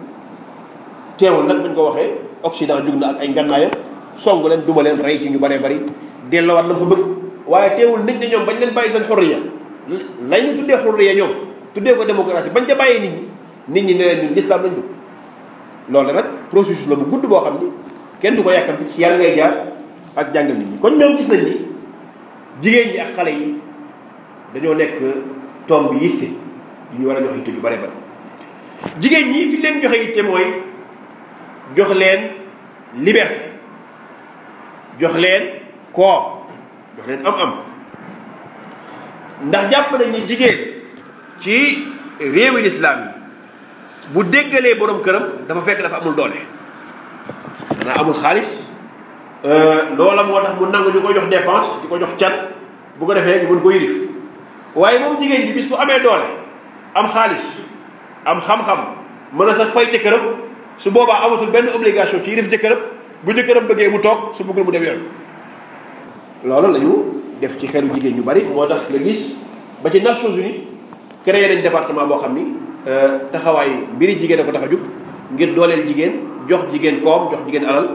teewul nag buñ ko waxee Occident jug na ak ay ngannaayam song leen duma leen rey ci ñu bëree bëri delloowaat lañ fa bëgg waaye teewul nit ñi ñoom bañ leen bàyyi seen xurriya lañ ñu tuddee xurriya ñoom tuddee ko démocratie bañ ca bàyyee nit ñi nit ñi ne leen ñun lislaam lañ bëgg loolu nag processus la bu gudd boo xam ni kenn du ko yàkkam ci yàlla ngay jaar ak jàngal nit ñi kon ñoom gis nañ ni jigéen ñi ak xale yi dañoo nekk tomb yitte ñu war a jox yitte ju bare jigéen ñi fi leen joxe yitte mooy jox leen liberté jox leen koom jox leen am-am ndax jàpp nañ ni jigéen ci réewi lislaam yi bu déggalee boroom këram dafa fekk dafa amul doole danaa amul xaalis loola euh, moo tax mu nangu ñu ko jox dépense di ko jox cat bu ko defee ñu mën ko yilif waaye moom jigéen ji bis bu amee doole am xaalis am xam-xam mën a sax fay jëkkëram su boobaa amatul benn obligation ci yilif jëkkëram bu jëkkëram bëggee mu toog su bëggul mu dem yoon loolu la def ci xelu jigéen ñu bari moo tax nga gis ba ci Nations Unies créé nañ département boo xam ni euh, taxawaay mbiri jigéen a ko tax a jub ngir dooleel jigéen jox jigéen koom jox jigéen alal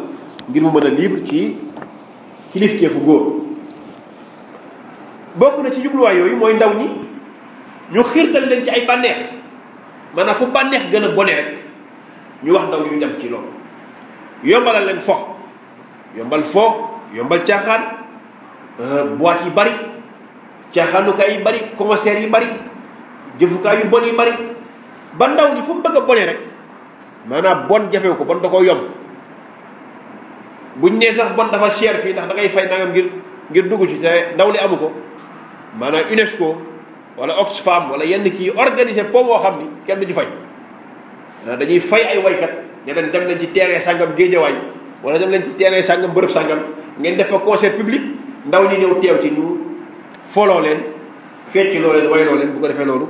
ngir mu mën a libre ci kilifteefu góor bokk na ci jubluwaay yooyu mooy ndaw ñi ñu xiirtal leen ci ay bànneex maanaam fu bànneex gën a bone rek ñu wax ndaw yu dem ci lool yombalal leen fo yombal foo yombal caaxaan euh, boîte yi bari caaxaanukaay yi bari concert yi bari jëfukaay yu bon yi bari ba ndaw ñi fu mu bëgg a bone rek maanaam bon jafew ko bon da koo yomb buñ nee sax bon dafa cher fii ndax da ngay fay nangam ngir ngir dugg ci te ndaw li amu ko maanaam UNESCO wala Oxfam wala yenn kii organiser po boo xam ni kenn du ci fay dañuy fay ay waykat ne leen dem leen ci terrain sangam géejawaay wala dem leen ci terrain sangam bërëb sangam ngeen def fa concert public ndaw ñi ñëw teew ci ñu foloo leen fecc loo leen wayloo leen bu ko defee loolu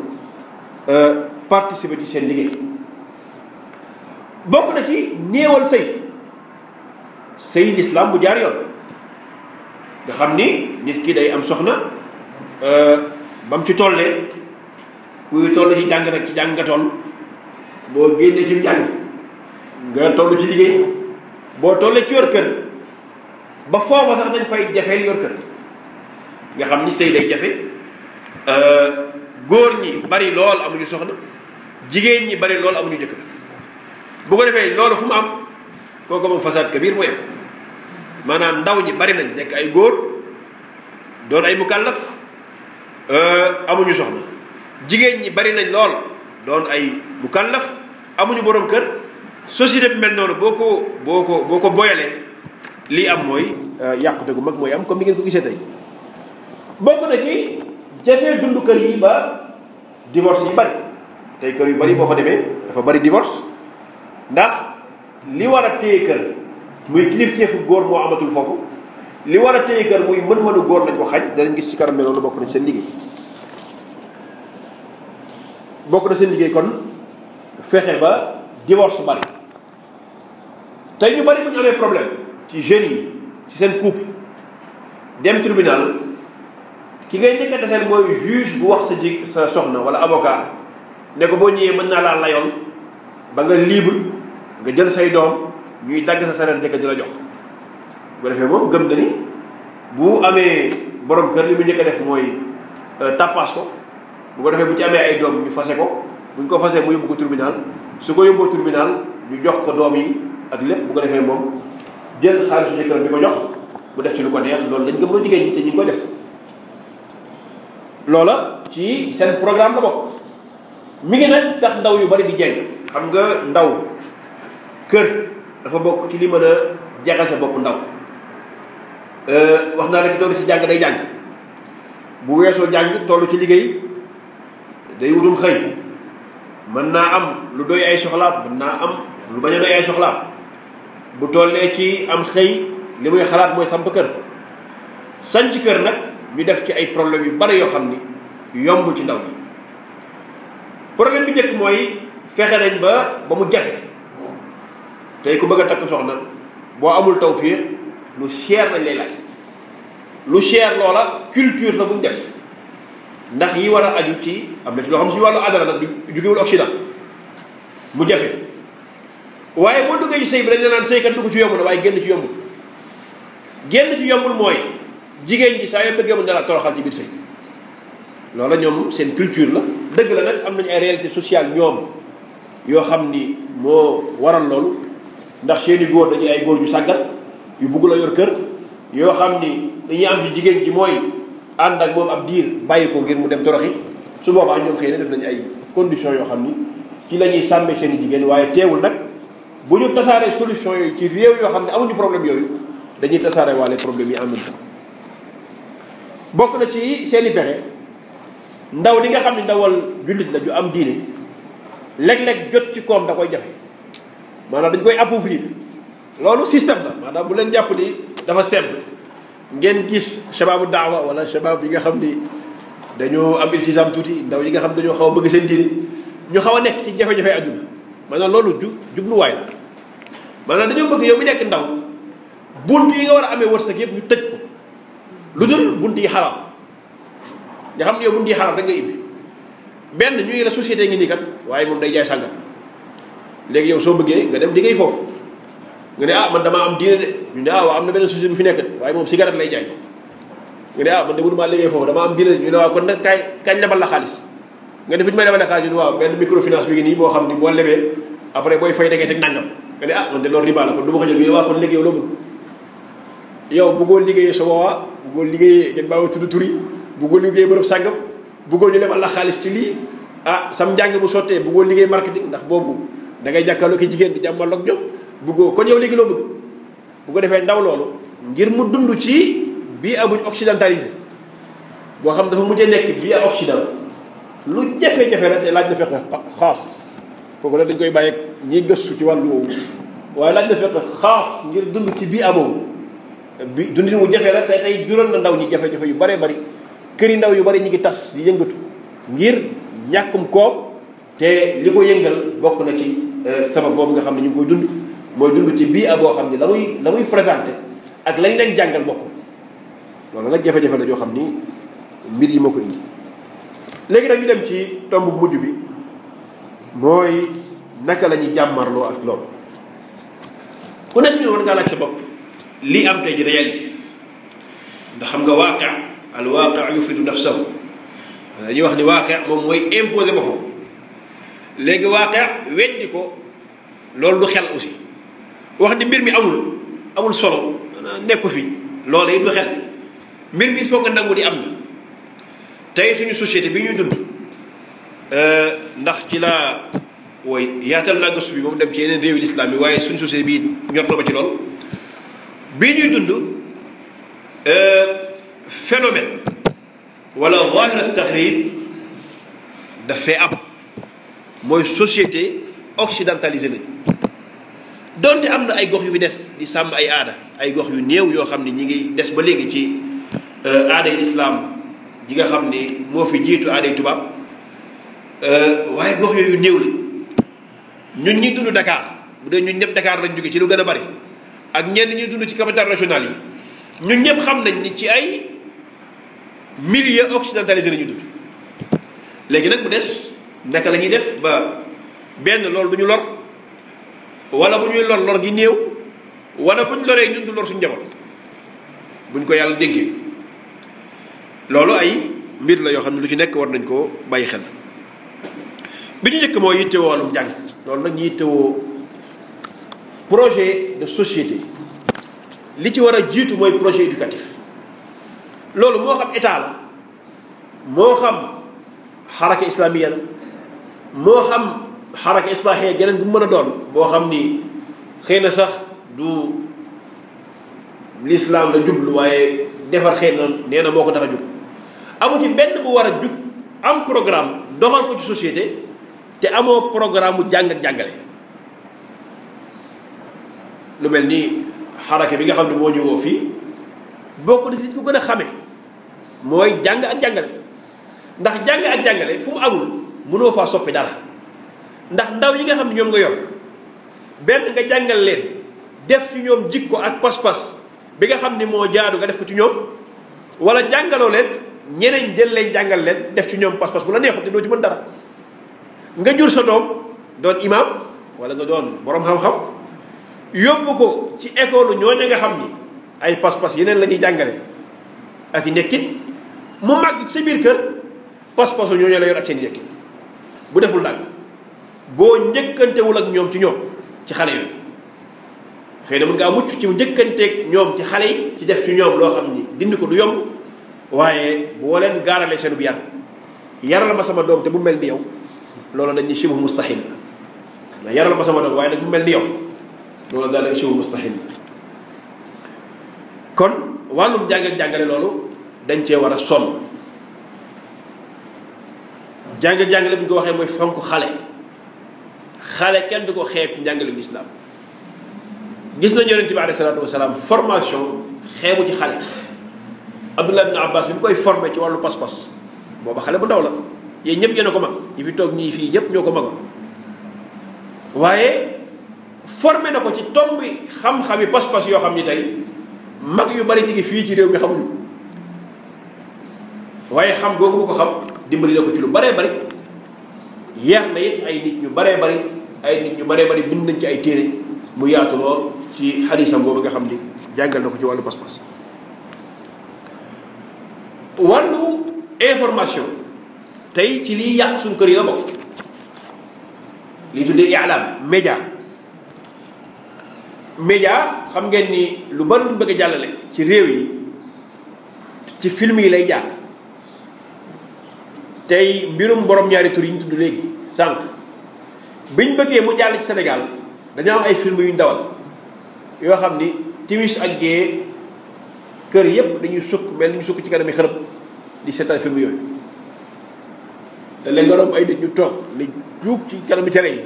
euh, participer ci seen liggéey bokk na ci néewal sëy sëy l'islam bu jaar yoon nga xam ni nit kii day am soxna euh, ba mu ci tollee kuy toll ci jàng nag ci jàng nga toll boo génnee ci jàng nga toll ci liggéey boo tollee ci yor kër ba foofa sax dañ fay jafeel xam ni sëy jafe euh, góor ñi bari lool amuñu soxla jigéen ñi bari lool amuñu jëkkër bu ko defee loolu fu mu am kooku moom fasaad kabir mooy am maanaam ndaw ñi bari nañ nekk ay góor doon ay mukallaf Euh, amuñu soxna jigéen ñi bari nañ lool doon ay bu kàllaf amuñu boroom kër société bi mel noonu boo ko boo ko boo ko boyalee lii am mooy euh, yàqute gu mag mooy am comme ni ngeen ko gisee tey bokk na ci jafe dund kër yi ba divorce yi bari tey kër yu bari boo fa demee dafa bari divorce ndax li war a téye kër muy kilifteefu góor moo amatul foofu li war a téye kër muy mën-mënu góor lañ ko xañ danañ gis ci kanam ne loolu bokk na seen liggéey bokk na seen liggéey kon fexe ba divorce bari tey ñu bari bu ñu amee problème ci jeunes yi ci seen couple dem tribunal ki ngay njëkk a mooy juge bu wax sa ji sa soxna wala avocat ne ko boo ñëwee mën naa laa layoon ba nga libre nga jël say doom ñuy dagg sa salaire jëkk jël a jox bu ko defee moom gëm na bu amee borom kër li mu njëkk a def mooy euh, tappaas ko bu ko defee bu ci amee ay doom ñu fase ko bu ñu ko fasee mu yóbbu ko tribunal su ko yóbboo tribunal ñu jox ko doom yi ak lépp bu ko defee moom jël xaalisu jëkkëram di ko jox bu def ci lu ko neex loolu lañ gëm loo ñi te ñu ngi koy ci seen programme la mi ngi nag tax ndaw yu bari di jeng xam nga ndaw kër dafa bokk ci li mën a jaxase bopp ndaw Euh, wax naa la ki toll ci jàng day jàng bu weesoo jàng toll ci liggéey day wutum xëy mën naa am lu doy ay soxlaam mën naa am lu bañ a doy ay soxlaam bu tollee ci am xëy li muy xalaat mooy samp kër sanc kër nag ñu def ci ay problèmes yu bari yoo xam ni yomb ci ndaw ñi problème bi njëkk mooy fexe nañ ba ba mu jafe tey ku bëgg a takk soxna boo amul tawfiq lu cher lañ lay laaj lu cher loola culture la buñ def ndax yi war a aju ci am na ci loo xam suñu wàllu adara nag du jugewul Occident mu jafe waaye moo duggee ci sëy bi dañ naan sëykat dugg ci yomb na waaye génn ci yombul génn ci yombul mooy jigéen ji saa yoo bëggee mën dara toroxal ci biir sëy loola ñoom seen culture la dëgg la nag am nañu ay réalité sociale ñoom yoo xam ni moo waral loolu ndax seeni góor dañuy ay góor ñu sàggal yu buggul la yor kër yoo xam ni dañuy am jigéen ji mooy ànd ak moom ab diir bàyyi ko ngir mu dem toroxi su boobaa ñoom xëy na def nañu ay conditions yoo xam ni ci la ñuy sàmmee seen i jigéen waaye teewul nag bu ñu tasaaree solution yooyu ci réew yoo xam ne amuñu problème yooyu dañuy tasaare waale problème yi en même temps bokk na ci seeni i ndaw li nga xam ne ndawal jullit la ju am diine léeg-léeg jot ci koom da koy jafe maanaam dañ koy appauvrir loolu système la maanaam bu leen jàpp ni dafa simple ngeen gis shababu daawa wala shabab yi nga xam ni dañoo am iltisam tuuti ndaw yi nga xam dañoo xaw a bëgg seen diine ñu xaw a nekk ci jafe-jafe adduna maanaam loolu ju jubluwaay la maanaam dañoo bëgg yow mi nekk ndaw bunt yi nga war a amee wërsëg yëpp ñu tëj ko lu dul bunt yi xaraam nga xam ne yow bunt yi xaraam da nga ibbi benn ñu ngi la société ngi nii kat waaye moom day jaay sàngara léegi yow soo bëggee nga dem di foofu nga ne ah man damaa am diine de ñu ne ah waaw am na benn société bu fi nekk de waaye moom cigarette lay jaay nga ne ah man de mënumaa liggéey foofu damaa am diine de ñu ne waaw kon nag kaay kañ lebal la xaalis nga ne fi ñu may lebal la xaalis ñu ne waaw benn microfinance bi ngi nii boo xam ni boo lebee après booy fay da ngay teg nangam nga ne ah man de loolu riba la kon du ma ko jël ñu ne waaw kon léegi yow loo bëgg yow bëggoo liggéeyee sa boobaa bëggoo liggéeyee ngeen baaw tudd turi bëggoo liggéey bërëb sàngam bëggoo ñu lebal la xaalis ci lii ah sam njàng bu sottee bëggoo liggéey marketing ndax boobu da ngay jàkkaarloo ki jigéen di jàmmal ak ñoom bëggoo kon yow léegi loo bëgg bu ko defee ndaw loolu ngir mu dund ci bii amuñ occidentalisé boo xam dafa mujjee nekk bii a occident lu jafe-jafe la te laaj na fekk xaas kooku la dañ koy bàyyi ñiy gëstu ci wàllu woowu waaye laaj na fekk xaas ngir dund ci bii aboobu bi dundin wu jafe la te tey jural na ndaw ñi jafe-jafe yu bare bari këri ndaw yu bari ñu ngi tas di yëngatu ngir ñàkkum koom te li ko yëngal bokk na ci euh, sabab boobu nga xam ne ñu ngi koy dund mooy dund ci bii boo xam ni la muy la présenté ak lañ leen jàngal bokkul loolu nag jafe-jafe la joo xam ni mbir yi moo ko indi léegi nag ñu dem ci tomb mujj bi mooy naka la ñuy jàmmarloo ak loolu ku nekk ñun bopp lii am tey ji réalité xam nga waaqe al waaqe yufidu nafsahu dañuy wax ni waaqe moom mooy imposé ko léegi waaqe weddi ko loolu du xel aussi wax ni mbir mi amul amul solo nekku fi loolu it du xel mbir mi foog nga nangu di am na tey suñu société bi ñuy dund euh, ndax ci laa wooy yaatal naa gëstu bi moom dem ci yeneen réew yi waaye suñu société bi ñor ci lool bi ñuy dund euh, phénomène wala zahira tahrir daf fee am mooy société occidentalisée lañu donte am na ay gox yu fi des di sàmm ay aada ay gox yu néew yoo xam ne ñi ngi des ba léegi ci euh, aaday islaam ji nga xam ne moo fi jiitu aaday tubaab euh, waaye gox yooyu néew la ñun ñi dund Dakar bu dee ñun ñëpp Dakar lañ jóge ci lu gën a bari ak ñenn ñuy dund ci capital régional yi ñun ñëpp xam nañ ni ci ay milieu occidentalisé la ñu dund léegi nag bu des naka lañuy def ba benn loolu du ñu lor wala bu ñuy lor lor gi néew wala bu ñu loree ñun du lor suñu njaboot buñ ko yàlla déggee loolu ay mbir la yoo xam ne lu ci nekk war nañ ko bàyyi xel bi ñu njëkk mooy yittewoo wàllum njàng loolu nag ñu yittewoo projet de société li ci war a jiitu mooy projet éducatif loolu moo xam état la moo xam xaraka islamiya la moo xam xaraka islaaxiya geneen gu mën a doon boo xam ni xëy na sax du lislaam la jublu waaye defar xëy na nee na moo ko tax a jub amu ci benn bu war a jub am programme doxal société te amoo programme mu jàng ak jàngale lu mel ni xaraka bi nga xam ne moo ñu woo fii bokk na si ku gën a xame mooy jàng ak jàngale ndax jàng ak jàngale fu mu amul mënoo faa soppi dara ndax ndaw ñi nga xam ne ñoom nga yor benn nga jàngal leen def ci ñoom ko ak pas-pas bi nga xam ni moo jaadu nga def ko ci ñoom wala jàngaloo leen ñeneen jël leen jàngal leen def ci ñoom pas-pas bu la neexul te doo ci mën dara nga jur sa doom doon imaam wala nga doon boroom xam-xam yóbbu ko ci école ñooñu nga xam ni ay pas-pas yeneen lañuy ñuy jàngale ak i nekkin mu màgg ci sa biir kër pas-pasu ñooñu la yor ak seen nekkin bu deful dàgg. boo njëkkantewul ak ñoom ci ñoom ci xale yi xëy na mën ngaa mucc ci njëkkanteeg ñoom ci xale yi ci def ci ñoom loo xam ni dindi ko du yomb waaye boo leen gaaralee seen yar yaral ma sama doom te bu mel ni yow loolu dañ ne shibu mustahil la yaral ma sama doom waaye nag bu mel ni yow loolu daal dañ shibu mustahil kon wàllum jàng ak jàngale loolu dañ cee war a sonn jàng ak jàngale bu ñu ko waxee mooy fonk xale xale kenn du ko xeeb njàngale lislaam gis nañ yonente bi alayhi salaatu wasalaam formation xeebu ci xale abdullah ibn abbas bi mu koy forme ci wàllu pas-pas booba xale bu ndaw la yéen ñëpp yéen a ko mag ñi fi toog ñii fii ñëpp ñoo ko magoon waaye formé na ko ci tomb xam-xami pas-pas yoo xam ni tey mag yu bari ñu ngi fii ci réew mi xamuñu waaye xam googu mu ko xam dimbali na ko ci lu baree bari yeex na it ay nit ñu baree bari ay nit ñu baree bari bind nañ ci ay téere mu yaatu lool ci xadisam boobu nga xam ni jàngal na ko ci wàllu pas-pas wàllu information tey ci liy yàq suñ kër yi la bokk li tuddee i'lam média média xam ngeen ni lu bari lu bëgg jàllale ci réew yi ci film yi lay jaar tey mbirum borom ñaari tur yi ñu tudd léegi sànq biñ bëggee mu jàll ci senegal dañoo am ay film yu ñu dawal yoo xam ni timis ak gée kër yépp dañuy sukk mel ni ñu sukk ci kanami xërëb di seetaan film yooyu te léegi nga ay nit ñu toog li juug ci kanami tere yi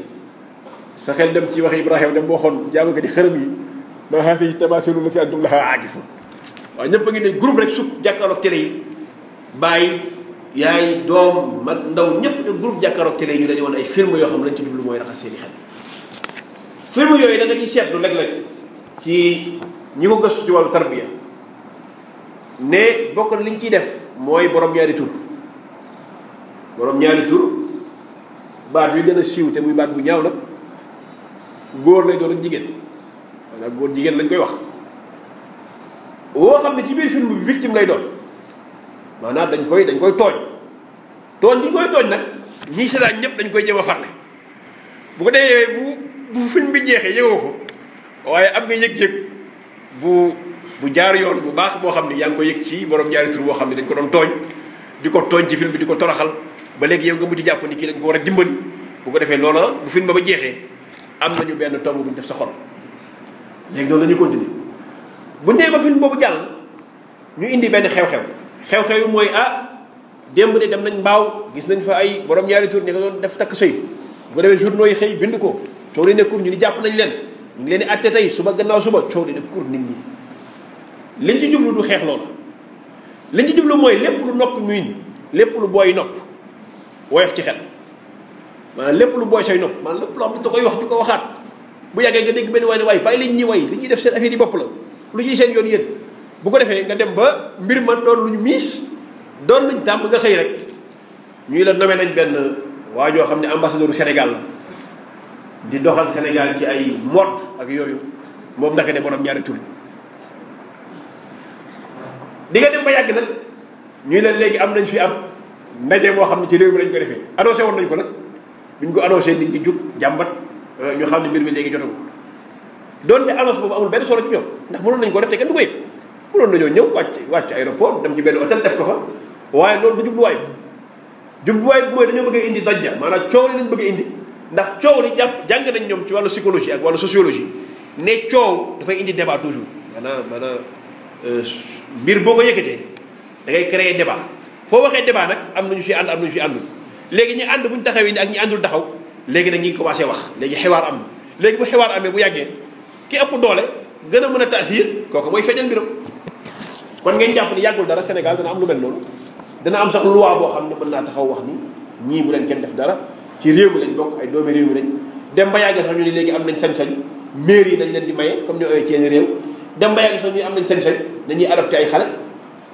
sa xel dem ci waxi Ibrahima dem boo xoon jaamu ko di xërëm yi ma xaafi yi tabaasilu la si antum laha aakifun waaw ñëpp a ngi ne groupe rek sukk jàkkaarloog tere yi bàyyi yaay doom mag ndaw ñëpp ne groupe jàkkaaroog télé yi ñu dañu woon ay film yoo xam lañ ci jublu mooy raxas seeni xel film yooyu da nga ciy seetlu léeg-léeg ci ñi ko gëstu ci wàllu tarbiya ne bokk na li ciy def mooy borom ñaari tur borom ñaari tur baat yu gën a siiw te muy baat bu ñaaw nag góor lay doon ak jigéen maanaam góor jigéen lañ koy wax woo xam ne ci biir film bi victime lay doon maanaam dañ koy dañ koy tooñ tooñ bi ñu koy tooñ nag ñii seetaan ñëpp dañ koy jëm a farle bu ko defee bu bu film bi jeexee yëgoo ko waaye am nga yëg-yëg bu bu jaar yoon bu baax boo xam ne yaa ngi koy yëg ci borom ñaari tur boo xam ne dañ ko doon tooñ di ko tooñ ci film bi di ko toroxal ba léegi yow nga mujj jàpp ni kii dañ ko war a dimbali bu ko defee loola bu film ba ba jeexee am nañu benn tomb buñ def sa xol léegi noonu lañu ñu continuer bu ñu demee boobu jàll ñu indi benn xew xew-xew yi mooy ah démb de dem nañ mbaaw gis nañ fa ay borom ñaari tur ñu ko doon def takk sëy bu ko defee journaux yi xëy bind ko coow li nekkul ñu ni jàpp nañ leen ñu ngi leen di atte tey suba gannaaw suba coow li nekkul nit ñi liñ ci jublu du xeex loola liñ ci jublu mooy lépp lu nopp miin lépp lu booy nopp woyof ci xel maanaam lépp lu booy say nopp maanaam lépp loo xam ne da koy wax di ko waxaat bu yàggee nga dégg benn waay ne waay bàyyi lañ ñi way li ñuy def seen affaire yi bopp la lu ñuy seen yoon yéen bu ko defee nga dem ba mbir ma doon lu ñu miis doon luñ tàmm nga xëy rek ñuy la nommé nañ benn waa joo xam ne ambassadeur du Sénégal la di doxal Sénégal ci ay mode ak yooyu moom naka ne borom ñaari nga dem ba yàgg nag ñuy leen léegi am nañ fi am ndaje moo xam ne ci réew mi lañ ko defee annoncé woon nañ ko nag buñ ko annoncé nit ñi jug jàmbat euh, ñu xam ne mi léegi jotagul doon te annonce boobu amul benn solo ci ñoom ndax mënoon nañ ko def te kenn du ko mënoon nañoo ñëw wàcc wàcc aéroport dem ci benn hôtel def ko fa waaye loolu du jubluwaay bi jubluwaay bi mooy dañoo bëgg indi dajja maanaam coow li lañ bëgg indi ndax coow li jàpp jàng nañ ñoom ci wàllu psychologie ak wàllu sociologie ne coow dafay indi débat toujours maanaam maanaam euh, mbir boo ko yëkkatee da ngay créer débat foo waxee débat nag am nañu fi ànd am nañu fi àndul léegi ñi ànd buñ taxawee indi ak ñi àndul taxaw léegi nag ñi ko wax léegi xewaar am léegi bu xewaar amee bu yàggee ki doole gën a mën a taasiir kooku mooy feeñal mbiram kon ngeen jàpp ni yàggul dara Sénégal dana am lu mel noonu dana am sax loi boo xam ne mën naa taxaw wax ni ñii bu leen kenn def dara ci réew mi lañ bokk ay doomi réew mi dem ba yàgg sax ñu ne léegi am nañ sañ-sañ yi dañ leen di maye comme ni ooyee ceeni réew dem ba yàgg sax ñu am nañ sañ-sañ dañuy adopté ay xale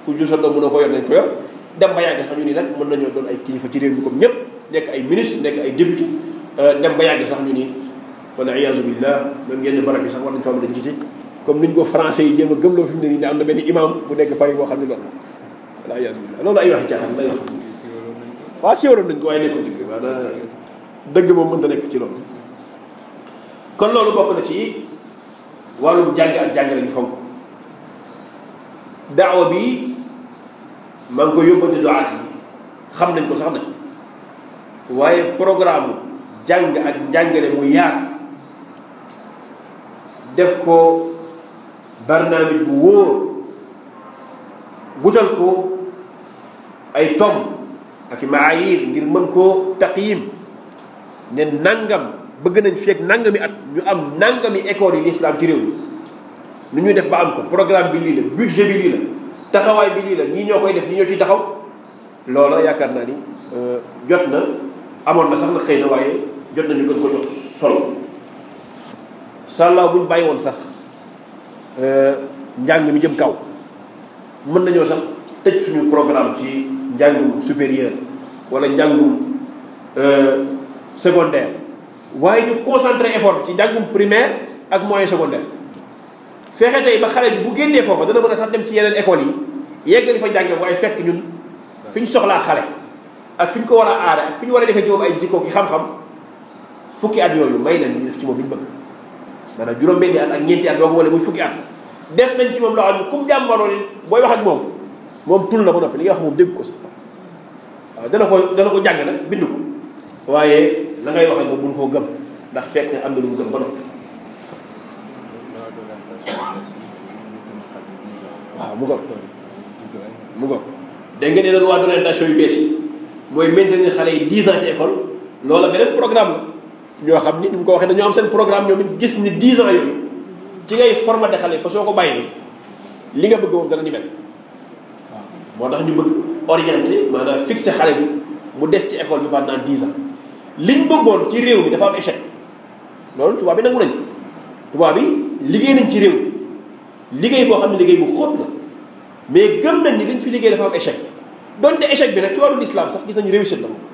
ku jur sa ko dem ba yàgg sax ñu ni nag mën nañoo doon ay kilifa ci réew mi comme ñëpp nekk ay ministre nekk ay député euh, dem ba yàgg sax ñu ni wala iyaazu billah même yenn barab yi sax war nañ fa mën a jiite comme niñ ko français yi jéem a gëmloo fi mu ne nii ne am na benn imam bu nekk Paris boo xam ne loolu la voilà ay waxi caaxaan lay wax ko waaye nekkul dëgg moom mën nekk ci loolu kon loolu bokk na ci wàllum jàng ak bi maa nañ ko sax nag waaye programme ak njàngale mu yaatu def ko barnaamij bu wóor wutal ko ay tom ak i maayir ngir mën ko taqyim ne nangam bëgg nañ feeg nangami at ñu am nangami école yi l'islam ci réew mi nu ñuy def ba am ko programme bi lii la budget bi lii la taxawaay bi lii la ñii ñoo koy def ñi ñoo ciy taxaw loola yaakaar naa ni euh, jot na amoon na sax na xëy na waaye jot na ñu gën ko jox solo sàllaaw buñ bàyyi woon sax njàng mi jëm kaw mën nañoo sax tëj suñu programme ci njàngum supérieur wala njàngum euh, secondaire waaye ñu concentrer effort ci njàngum primaire ak moyen secondaire fexe tey ba xale bi bu génnee foofu dana mën a sax dem ci yeneen école yi yeggali fa jànge waaye fekk ñun fi ñu soxlaa xale ak fi ñu ko war a aada ak fi ñu war a defee ci moom ay jikko ki xam-xam fukki at yooyu may na ñu def ci moom li ñu bëgg maanaam juróom-benni at ak ñeenti at doo ko wala muy fukki at def nañ ci moom loo xam booy wax ak moom moom tul na li nga wax moom dégg ko sax waaw dana jàng nag bind waaye la ngay wax ak moom mënu ndax fekk na am na lu mu gëm ba noppi waaw mu goog mu goog dégg nga ne doon waa d'orientation bees yi mooy maintenir xale yi 10 ans loola beneen programme ñoo xam ni ni mu ko waxee dañoo am seen programme ñoom it gis ni 10 ans yooyu ci ngay formaté xale parce que soo ko bàyyee li nga bëgg moom dana ni mel waaw moo tax ñu bëgg orienté maanaam fixé xale bi mu des ci école bi pendant 10 ans liñ bëggoon ci réew mi dafa am échec loolu tubaab bi nangu nañ tubaab bi liggéey nañ ci réew mi liggéey boo xam ne liggéey bu xóot na mais gën nañ ni liñ fi liggéey dafa am échec donte échec bi nag ci wàllu sax gis nañ réussite la moom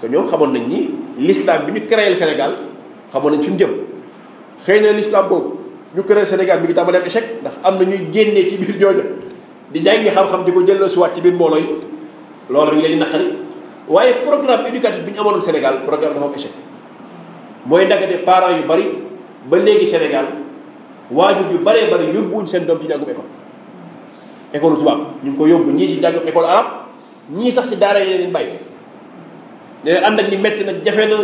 parce ñoom xamoon nañ ni l'islam bi ñu créé le Sénégal xamoon nañ fi mu jëm xëy na l'islam boobu ñu créé Sénégal mi ngi tàmbalee am échec ndax am na ñuy génnee ci biir ñooñu di jàngi xam-xam di ko jëlloo si waat ci biir mbooloo yi loolu rek la waaye programme éducatif bi ñu amaloon Sénégal programme dafa am échec mooy ndagate parents yu bari ba léegi Sénégal waajur yu baree bari yóbbuwuñ seen doom ci jàngum école école tubaab ñu ngi ko yóbbu ñii ci ñii sax ci daara yi ne ànd ak ni métti nag jafe na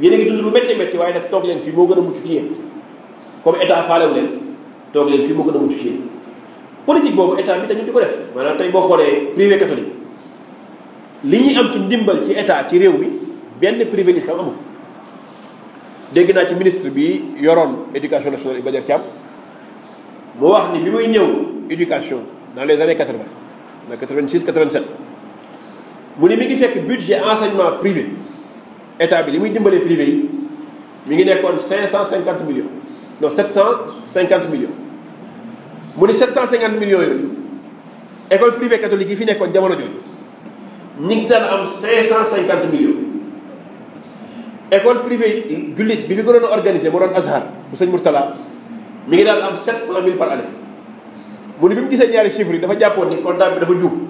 yéen ngi dund lu métti métti waaye nag toog leen fii moo gën a mucc ci yéen comme état faalew leen toog leen fii moo gën a mucc ci yéen politique boobu état bi dañu di ko def maanaam tey boo xoolee privé catholique li ñuy am ci ndimbal ci état ci réew mi benn privé l'islam amul dégg naa ci ministre bi yoroon éducation nationale Iba Der Thiam moo wax ni bi muy ñëw éducation dans les années 80 na 86 87 mu ne mi ngi fekk budget enseignement privé état bi li muy dimbalee privé yi mi ngi nekkoon cinq cent cinquante millions non sept cent cinquante millions mu ne sept cent cinquante millions yooyu école privée catholique yi fi nekkoon jamono jooju ñi ngi daan am cinq cent cinquante millions école privée bi fi gënoon a mu doon Azhar bu sëñ Mourtala ngi daal am sept cent mille par année mu ne bi mu gisee ñaari chiffres yi dafa jàppoon ni comptable dafa juum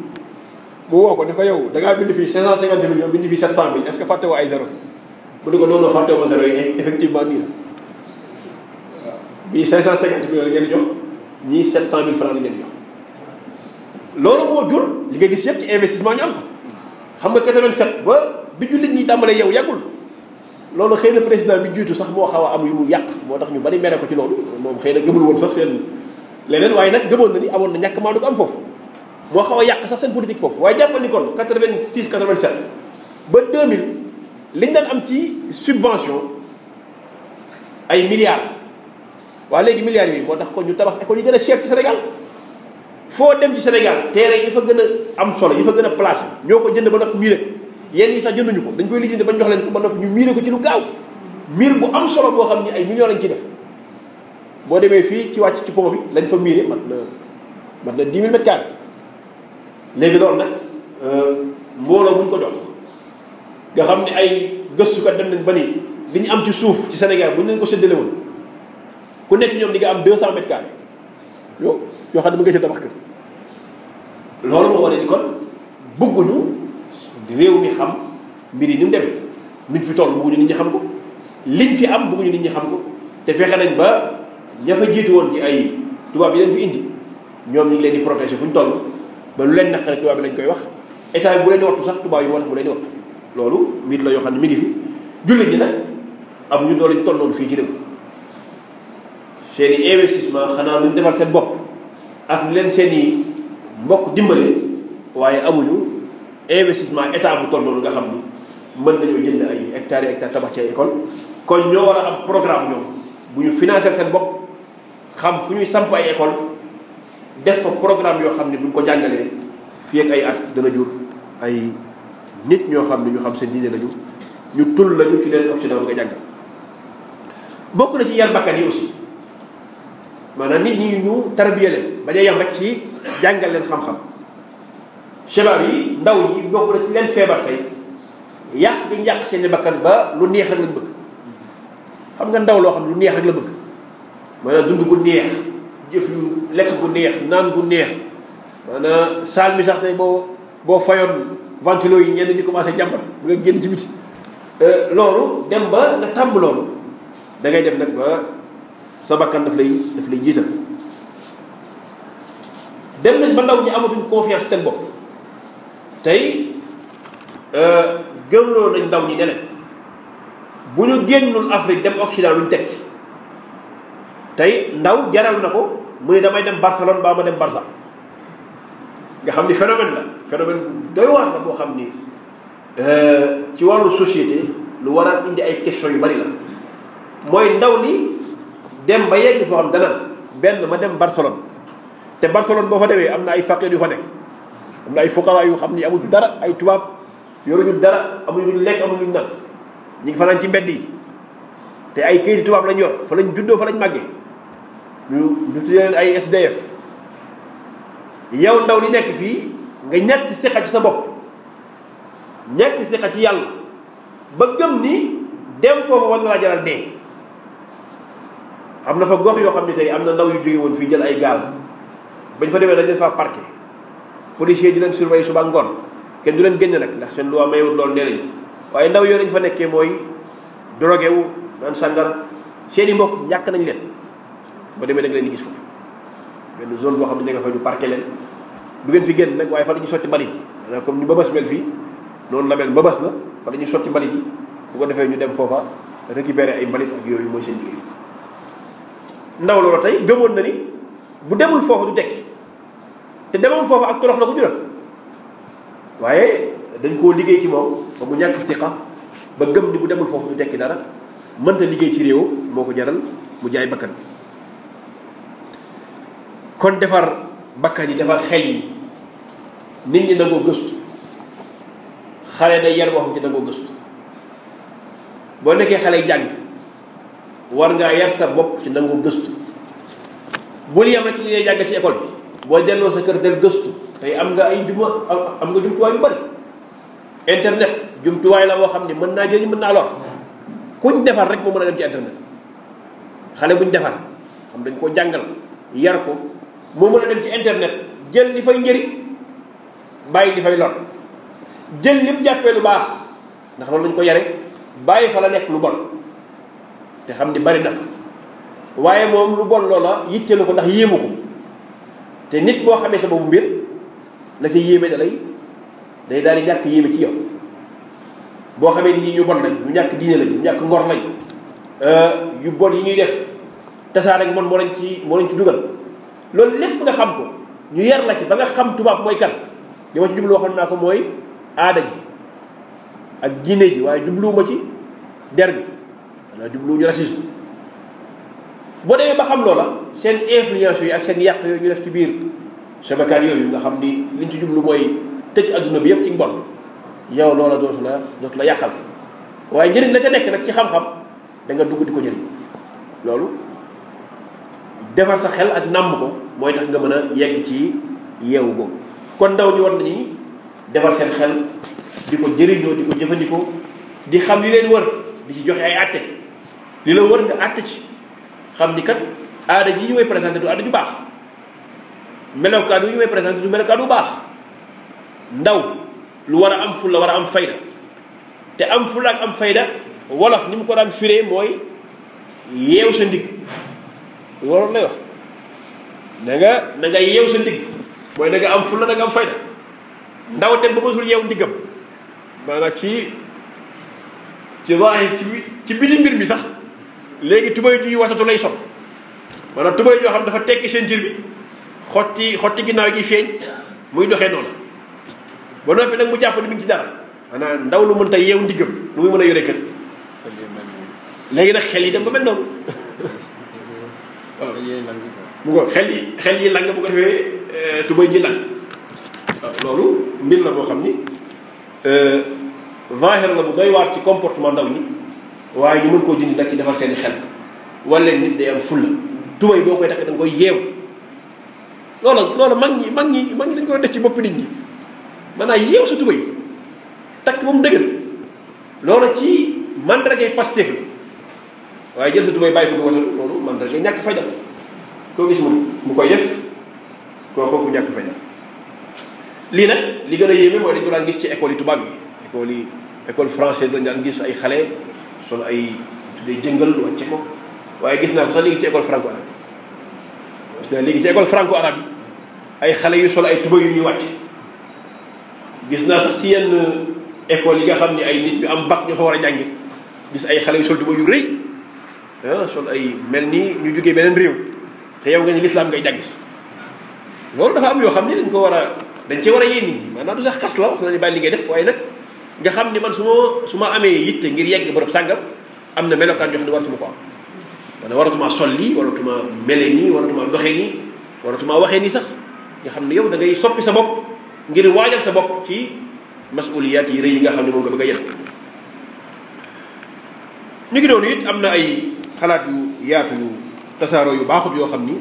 mu woo ko ne ko yow da ngaa bind fii 550 millions bind fii 700 mille est ce que fàtte woo ay zéro bu ne ko noonu fàtte woo zéro yi effectivement la waaw bii 550 millions la ngeen di jox ñii 700 mille francs la ngeen di jox loolu moo jur li nga gis yëpp ci investissement ñu am xam nga 87 ba bi jullit ñi tàmbalee yow yàggul loolu xëy na président bi jiitu sax moo xaw a am yu mu yàq moo tax ñu bari mere ko ci loolu moom xëy na gëmul woon sax seen leneen waaye nag gëmoon na amoon na ñàkk maa am foofu moo xaw a yàq sax seen politique foofu waaye jàppal ni kon 86 87 ba 2000 liñ daan am ci subvention ay milliards waaye léegi milliards yooyu moo tax kon ñu tabax école yi gën a cher ci Sénégal foo dem ci Sénégal terrain yi fa gën a am solo yi fa gën a placé ñoo ko jënd ba noppi miire yenn yi sax jënduñu ko dañ koy lijjanti ba ñu jox leen ko ba noppi ñu miire ko ci lu gaaw miir bu am solo boo xam ni ay millions lañ ci def boo demee fii ci wàcc ci bi lañ fa miire mat na mat na 10 000 léegi loolu nag euh, mbooloo buñ ko jox nga xam ne ay gëstukat dem nañ ba nii li ñu am ci suuf ci Sénégal bu ñu leen ko séddale woon ku nekk ñoom di nga am 200 mètres carrés yoo yoo xam ne mu nga ci tabax kër loolu moo wane ni kon réew mi xam mbir yi ni mu demee luñ fi toll bëgguñu nit ñi xam ko liñ fi am bëgguñu ni ñi xam ko te fexe nañ ba ña fa jiitu woon di ay tubaab yi leen fi indi ñoom ñu ngi leen di protéger fu ñu toll. ba lu leen naqare tubaab bi lañ koy wax état bi bu leen di wattu sax tubaab yi moo tax bu leen wattu loolu mbir la yoo xam ne mi ngi fi jullit ñi nag amuñu doole ñu toll noonu fii ci réew seen i investissement xanaa lu ñu defal seen bopp ak leen seen i mbokk dimbale waaye amuñu investissement état bu toll noonu nga xam ni mën nañoo jënd ay hectares yi hectares tabax ci ay école kon ñoo war a am programme ñoom bu ñu financer seen bopp xam fu ñuy samp ay école def fa programme yoo xam ne buñ ko jàngalee fi ak ay at dana jur ay nit ñoo xam ne ñu xam seen diine lañu ñu tul lañu ci leen Occident bi nga jàngal bokk na ci yar bakkan yi aussi maanaam nit ñi ñu tarbiya leen bañ a yam rek ci jàngal leen xam-xam shabaab yi ndaw yi bokk na ci leen feebar tey yàq bi yàq seen i bakkan ba lu neex rek lañ bëgg xam nga ndaw loo xam ne lu neex rek la bëgg maanaam dund gu neex jëf yu lekk bu neex naan bu neex maanaam saal mi sax tey boo boo fayoon ventilo yi ñenn ñu commencé jàmbat bu nga génn ci biti euh, loolu dem ba nga tàmb loolu da dem nag ba sa bakkan daf lay daf lay jiital dem nañ ba ndaw ñi amatuñ confiance seen bopp tey euh, gëmloo nañ ndaw ñi ne bu ñu génnul Afrique dem Occident luñ tekki tey ndaw jaral na ko mu ne damay dem Barcelone baa ma dem Barça nga xam ni phénomène la phénomène bu la boo xam ni euh, ci wàllu société lu war a indi ay questions yu bari la mooy ndaw li dem ba yegg foo xam dana benn ma dem Barcelone te Barcelone boo fa demee am na ay faqir yu fa nekk am na ay fuqara yu xam ni amul dara ay tubaab yoruñu dara amuñu luñ lekk amuñu luñ naan ñu ngi fanaan ci mbedd yi te ay këyit tubaab lañ yor fa lañ juddoo fa lañ màggee. ñu ñu tuddee leen ay SDF yow ndaw li nekk fii nga ñàkk siqa ci sa bopp ñàkk siqa ci yàlla ba gëm ni dem foofu war na laa jaral dee am na fa gox yoo xam ni tey am na ndaw yu jóge woon fii jël ay gaal bañ fa demee dañ leen faa parqué policier di leen surveiller suba ngoon kenn du leen génn nag ndax seen loi mayewul loolu nee waaye ndaw yooyu lañ fa nekkee mooy drogué wu naan sàngara seen mbokk ñàkk nañ leen boo demee da nga leen di gis foofu benn zone boo xam ne da nga fa ñu parke leen du ngeen fi génn nag waaye fa la ñuy sotti mbalit yi maanaam comme ni babas mel fii noonu la mel babas la fa la sotti mbalit yi bu ko defee ñu dem foofa récupérer ay mbalit ak yooyu mooy seen liggéey ndaw loolu tey gëmoon na ni bu demul foofa du tekki te demoon foofa ak torox la ko jural waaye dañ koo liggéey ci moom ba mu ñàkk xa ba gëm ni bu demul foofu du tekki dara mënta liggéey ci réew moo ko jaral mu jaay bakkan kon defar bakkan yi defar xel yi nit ñi nangoo gëstu xale day yar boo xam ci nangoo gëstu boo nekkee xale jàng war ngaa yar sa bopp ci nangoo gëstu bul yem rek ci li ngay jàng ci école bi boo delloo sa kër del gëstu tey am nga ay juma am nga jumtuwaay yu bëri internet jumtuwaay la boo xam ne mën naa jëriñ mën naa lor kuñ defar rek moo mën a dem ci internet xale buñ defar xam dañ koo jàngal yar ko moo mën dem ci internet jël li fay njëriñ bàyyi li fay lor jël lim jàppee lu baax ndax loolu lañ ko yare bàyyi fa la nekk lu bon te xam ni bari na fa waaye moom lu bon loola yitteelu ko ndax yéemu ko te nit boo xamee sa boobu mbir la ca yéeme da lay day daal di ñàkk yéeme ci yow boo xamee ni ñu bon lañ lu ñàkk diine lañ ñu ñàkk ngor lañ euh, yu bon yi ñuy def tasaare rek mon moo lañ ci moo lañ ci dugal loolu lépp nga xam ko ñu yar la ci ba nga xam tubaab mooy kan li ma ci jublu waxoon naa ko mooy aada ji ak diine ji waaye jubluwuma ci der bi maanaam ñu racisme boo demee ba xam loola seen influence yi ak seen yàq yooyu def ci biir sebakaan yooyu nga xam ni liñ ci jublu mooy tëj adduna bi yëpp ci mbon yow loola dootu la dootu la yàqal waaye njëriñ la ca nekk nag ci xam-xam da dugg di ko jëriñ loolu defar sa xel ak nàmm ko mooy tax nga mën a yegg ci yeewu boobu kon ndaw ñu war nañu defar seen xel di ko jëriñoo di ko jëfandikoo di xam li leen wër di ci joxe ay atte li la wër nga atte ci xam ni kat aada ji ñu may présenté du aada ju baax melokaanu ñu may présenté du melokaanu baax ndaw lu war a am ful la war a am fayda te am ful ak am fayda wolof ni mu ko daan fire mooy yeew sa ndigg waroon lay wax na nga na nga yeew sa ndigg mooy na am fulla na am fayda ndaw dem ba mosul yeew ndiggam maanaam ci ci waaye ci ci biti mbir mi sax léegi tubay juy wasatu lay sol maanaam tubay joo xam dafa tekki seen tir bi xotti xotti ginnaaw gi feeñ muy doxee noonu ba noppi nag mu jàpp ni mi ngi ci dara maanaam ndaw lu mënta yeew ndiggam lu muy mën a yore kër léegi nag xel yi dem ba mel noonu waaw mu ko xel yi xel yi lang bu ko defee euh, tubay ji lang loolu mbir la boo xam ni euh, zahir la bu doy waar ci comportement ndaw ñi waaye ñu mën koo dindi nag ci defar seen i xel wala nit day am fulla tubay boo koy takk da nga koy yeew loolu loolu mag ñi mag ñi mag ñi dañ koy def ci bopp nit ñi maanaam yeew sa tubay takk ba mu dëgër loolu ci mandargay Pastef la waaye jël sa tubay bàyyi ko du watatu loolu man da nga ñàkk fajal koo gis mu mu koy def kooku ñàkk fajal lii nag li gën a yéeme mooy dañu ko gis ci école yi tubaab yi école yi école gis ay xale sol ay tuddee jëngal wàcce ko waaye gis naa ko léegi ci école franco arabe yi gis naa léegi ci école franco arabe yi ay xale yu sol ay tubay yu ñuy wàcce gis naa sax ci yenn école yi nga xam ni ay nit ñu am bac ñu fa a jàngi gis ay xale yu sol tubay yu rëy Eh, sol ay mel nii ñu jugee beneen réew te yow nga ni lislaam ngay jàng si loolu dafa am yoo xam ni dañ ko war a dañ cee war a yee nit ñi maanaam du sax xas la wax na ni def waaye nag nga xam ni man su ma su ma amee yitte ngir yegg borom sàngam am na melokaan yoo xam ne waratuma ko am maanaam waratuma sol lii waratuma mele nii waratuma doxee nii waratuma waxee nii sax nga xam ne yow da ngay soppi sa bopp ngir waajal sa bopp ci masuliyaat yi rëy yi nga xam ne moom nga bëgg a yëg ñu ngi am na xalaat yu yaatu yu tasaaroo yu baaxut yoo xam ni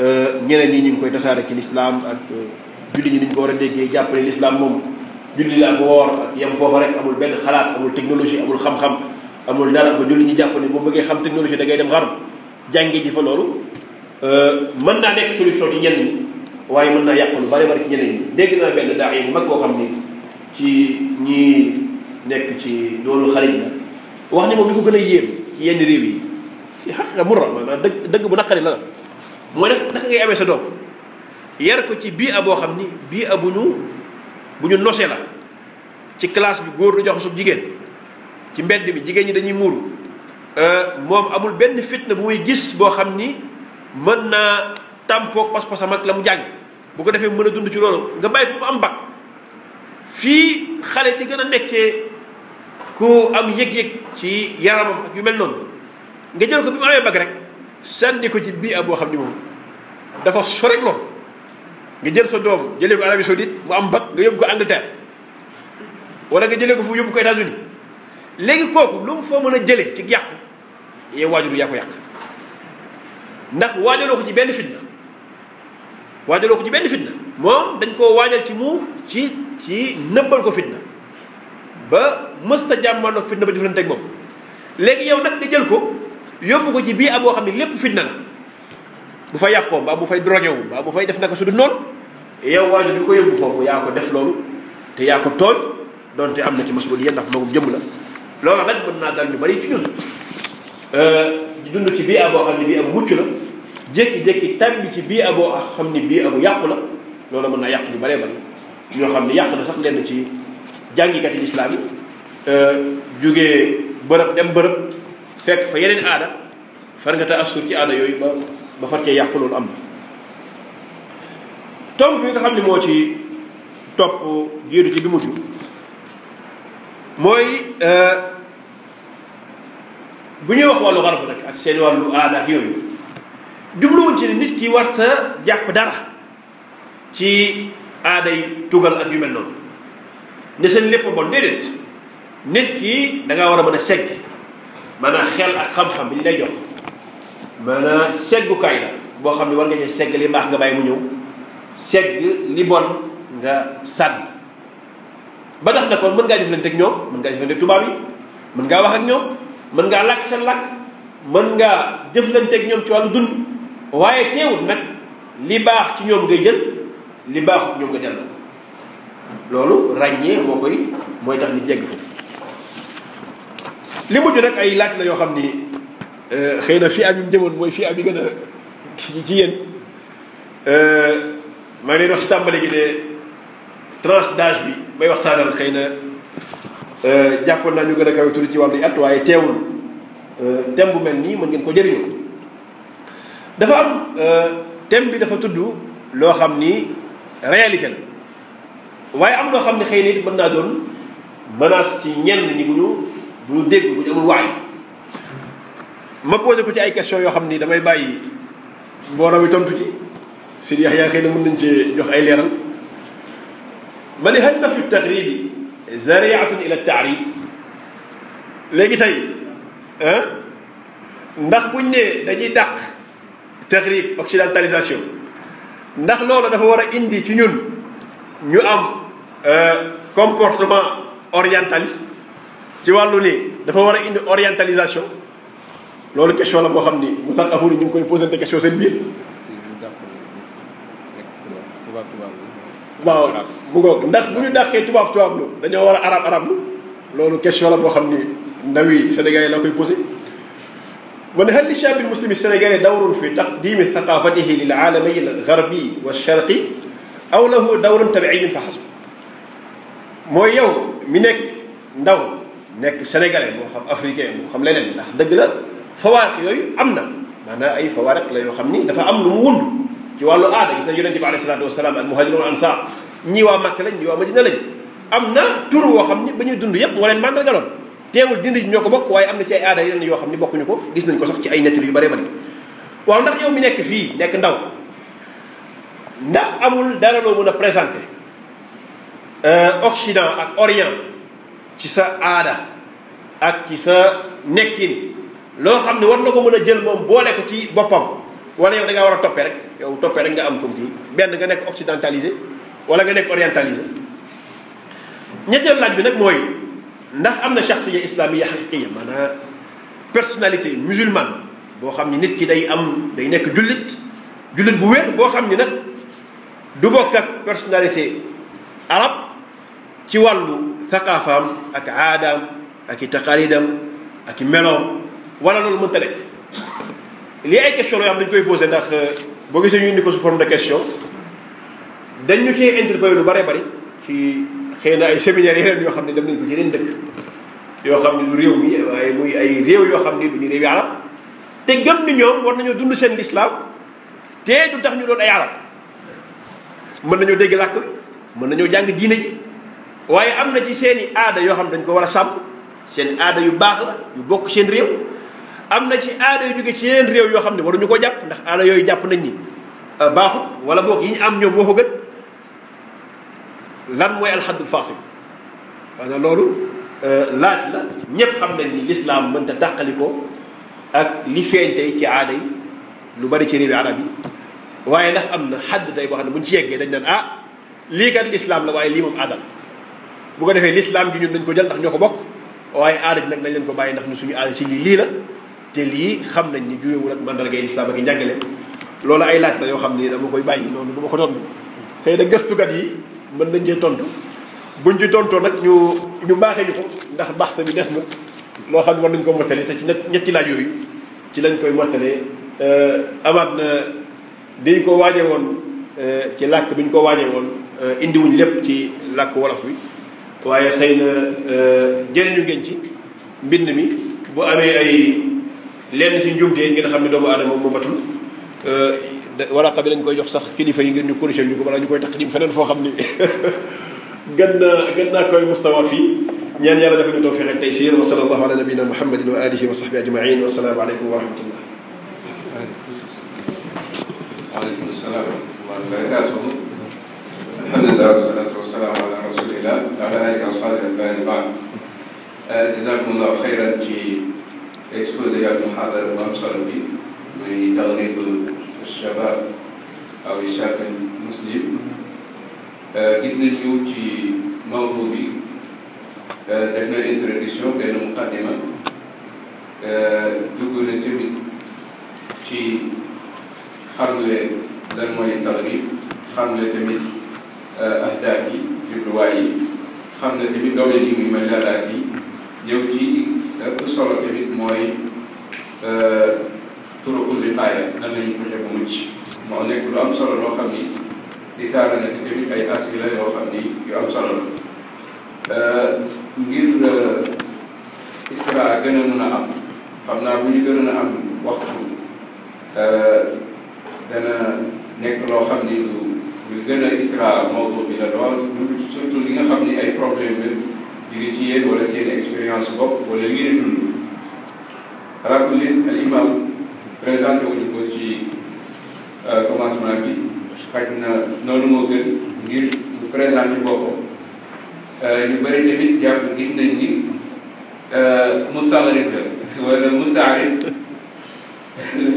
euh, ñeneen ñi ñu ngi koy tasaare ci lislaam ak euh, julli ñi ni ko war a déggee jàppale ne lislaam moom julli la ak woor ak yem foofa rek amul benn xalaat amul technologie amul xam-xam amul dara ba julli ñi jàpp ne bu bëggee xam technologie da ngay dem xarb jànge ji fa loolu euh, mën naa nekk solution ci ñenn ñi waaye mën naa yàq lu bari bari ci ñeneen ñi dégg naa benn daa yi mag koo xam ni ci ñi nekk ci loolu xarit la wax ni moom li ko gën a yéem ci yenn réew yi ci xaqiqa murra dëgg dëgg bu naqari la la mooy nag naka ngay amee sa doom yar ko ci bii a boo xam ni bii a bu ñu bu ñu nose la ci classe bi góor du jox sub jigéen ci mbedd mi jigéen ñi dañuy muuru euh, moom amul benn fitna bu muy gis boo xam ni mën naa tampoog pas-pasam ak la mu jàng bu ko defee mën a dund ci loolu nga bàyyi ko mu am bac fii xale di gën a nekkee ku am yëg-yëg ci yaramam ak yu mel noonu nga jël ko bi mu amee bag rek sànni ko ci bii ab boo xam ni moom dafa sore lool nga jël sa doom jëlee ko Arabie Saoudite mu am bag nga yóbbu ko Angleterre wala nga jëlee ko fu yóbbu ko États-Unis léegi kooku lu mu foo mën a jëlee ci yàqu yow waajur yaa ko yàq ndax waajaloo ko ci benn fitna waajaloo ko ci benn fitna moom dañ koo waajal ci mu ci ci nëbbal ko fitna ba mësta jàmmaandoog fitna ba jëflante ak moom léegi yow nag nga jël ko yóbbu ko ci bii ab boo xam ne lépp fitna la bu fa yàqoo mbaa bu fay drogué wu mbaa bu fay def naka su du noonu yow waajur bi ko yóbbu foofu yaa ko def loolu te yaa ko donte am na ci masuliya ndax magum jëmm la loolu nag mën naa dal ñu bari ci ñun euh, di ci bii ab boo xam ne bii ab mucc la jékki-jékki ci bii ab boo xam ne bii abu yàqu la loolu mën naa yàq ñu baree bari ñoo xam ne yàq na sax lenn ci jàngikati lislaam yi euh, jugee bërëb dem bërëb fekk fa yeneen aada far nga ci aada yooyu ba ba far cee yàqu loolu am na tomb bi nga xam ne moo ci topp jiitu ci bi mooy euh, bu ñuy wax wàllu garab nag ak seen wàllu aada ak yooyu jubluwuñ ci ne nit ki war sa jàpp dara ci aaday tugal ak yu mel noonu ne seen lépp bon déedéet nit ki danga war a mën a segg maanaam xel ak xam-xam bi ñu lay jox maanaam seggukaay la boo xam ne war nga cee segg li baax nga bàyyi mu ñëw segg li bon nga sànni ba tax na kon mën ngaa jëflante ak ñoom tubaab yi mën ngaa wax ak ñoom mën ngaa làkk seen làkk mën ngaa jëflante ak ñoom ci wàllu dund waaye teewul nag li baax ci ñoom ngay jël li baaxut ñoom nga jël la loolu ràññee moo koy mooy tax nit jeg fa li mujj nag ay laaj la yoo xam ni euh, xëy na fii am yi jëmoon mooy fii am yi gën a ci yéen euh, maa ngi leen wax ci tàmbali gi ne tranche bi may waxtaanal xëy na euh, jàppoon naa ñu gën a kawe tuuti ci wàllu at waaye teewul thème bu mel nii mën ngeen ko jëriñoo dafa am thème bi dafa tudd loo xam ni réalité la waaye am loo xam ne xëy na it mën naa doon menace ci ñenn ni bu ñu bu ñu dégg bu ñu amul waay ma posé ko ci ay question yoo xam ni damay bàyyi mbooloo mi tontu ci Sidi Yaxya xëy na mën nañu cee jox ay leeral ma ne hal nafyu taqribi zariatun ila taarib léegi tey ndax buñ ne dañuy dàq taxrib occidentalisation ndax loolu dafa war a indi ci ñun ñu am euh, comportement orientaliste ci wàllu ne dafa war a indi orientalisation loolu question la boo xam ni mu sax affaire yi ñu ngi koy posé question seen biir. waaw mu ngoog ndax bu ñu dàqee tubaab tubaab lu dañoo war a arab arab lu loolu question la boo xam ni ndaw yi sénégalais la koy posé wan hal li shaab al muslimi sénégalais dawrun fi taqdimi thaqafatihi lil aalami al garbi wa sharqi aw daw lahu dawrun tabiiyun fa xasbu mooy yow mi nekk ndaw nekk sénégalais moo xam africain moo xam leneen ndax dëgg la fawaariq yooyu am na maanaam ay fawaariq la yoo xam ni dafa am lu mu wund ci wàllu aada gis nañ yonente bi alayhi salaatu wasalaam al muhaajiruun al ansaar ñii waa Makka lañ ñii am na tur woo xam ni ba ñuy dund yëpp moo leen màndargaloon teewul dindi ñoo ko bokk waaye am na ci ay aada yeneen yoo xam ni bokkuñu ko gis nañ ko sax ci ay nettali yu bëree bëri waaw ndax yow mi nekk fii nekk ndaw ndax amul dara loo mën a présenté euh, Occident ak Orient ci sa aada ak ci sa nekkin loo xam ne war na ko mën a jël moom boo lekk ci boppam wala yow da war a toppee rek yow toppee rek nga am comme kii benn nga nekk occidentalisé wala nga nekk orientalisé ñetteelu laaj bi nag mooy ndax am na shaxsiya islamiya xaqiqiya maanaam personnalité musulmane boo xam ni nit ki day am day nekk jullit jullit bu wér boo xam ni nag du bokk ak personnalité arab ci wàllu thaqaafaam ak aadaam ak i taqaalidam ak i meloom wala loolu mënta nekk lii ay question la yoo xam dañu koy posé ndax euh, boo gisee ñu indi ko su forme de question dañ ñu cee interpellé lu bare bari ci xëy na ay séminaire yeneen yoo xam ne dem nañ ko dëkk yoo xam ne du réew mi waaye muy ay réew yoo xam ne du ñu réew yi arab te gën ni ñoom war nañoo dund seen lislaam te du tax ñu doon ay arab mën nañoo dégg làkk mën nañoo jàng diine ji waaye am na ci seeni i aada yoo xam ne dañ ko war a sàmm seen aada yu baax la yu bokk seen réew am na ci aada yu jóge ci réew yoo xam ne waruñu ko jàpp ndax aada yooyu jàpp nañ ni baaxut wala bokk yi ñu am ñoom moo ko gën lan mooy alxaddul fasil waaye loolu euh, laaj la ñépp xam nañ ni lislaam mënta tàqali ko ak li feeñ tey ci aada yi lu bari ci réewi arab yi waaye ndax am na xadd tey boo xam ne buñ ci yeggee dañ naan ah lii kat lislaam la waaye lii moom aada la bu ko defee lislaam gi ñun dañ ko jël ndax ñoo ko bokk waaye aada ji nag dañ leen ko bàyyi ndax ñu suñu aada ci lii lii la te lii xam nañ ni juyeewul ak mandargay lislaam ak i njàngale loolu ay laaj la yoo xam ne dama koy bàyyi noonu du ma ko tontu xëy na gëstukat yi mën nañ cee tontu buñ ci tontoo nag ñu ñu baaxee ñu ko ndax baxte bi des na loo xam ne war nañ ko mottale te ci ñetti laaj yooyu ci lañ koy mottalee euh, amaat na biñ ko waaje woon euh, ci làkk bi ñu ko waaje woon euh, indiwuñ lépp ci làkk wolof bi waaye xëy na euh, jëriñu ngeen ci mbind mi bu amee ay lenn ci njumte ngeen xam ne doomu aadama mu matul waraqa bi lañ koy jox sax kilifa yi ngir ñu corrigé ñu ko balaa ñu koy taqdim feneen foo xam ni gën naa gën naa koy mustawa fii ñaan yàlla dafa ñu toog fexe tey wa sallallahu ala nabina muhammadin wa alihi wa sahbi wa salaamu aleykum waaleykum salaam wa rahmatulah barakaatuhu alhamdulilah wasalaatu wasalaam ala rasulillah wa ala alihi asxaabi abdulahi baad jazakumullah xayran ci exposé ak muhaadara bu am solo bi muy taxribu shabab aw ishaq muslim gis nañu ci mawdu bi def introduction benn muqaddima dugg na tamit ci xamle lan mooy targib xamle tamit euh, ahdaaf yi jubluwaay yi xamle tamit domaine yi muy majaalaat yi ñëw ci ëpp euh, solo tamit mooy euh, turuqu wiqaaya nan lañu fexe ba mucc moo nekk lu am solo loo xam ni di saara na ci tamit ay asila yoo xam ni yu am solo la ngir ISRA gën a mën a am xam naa bu ñu gënoon a am waxtu dana nekk loo xam ni lu lu gën a ISRA mawdu bi la lool surtout li nga xam ne ay problème la jóge ci yéen wala seen expérience bopp wala li ngeen dund alaaka leen al imam présenté wuñu ko ci euh, commencement bi na noonu moo gën ngir ñu présenté boppam euh, ñu bëri tamit jàpp gis nañ ni euh, mustagrib la wala mustaarif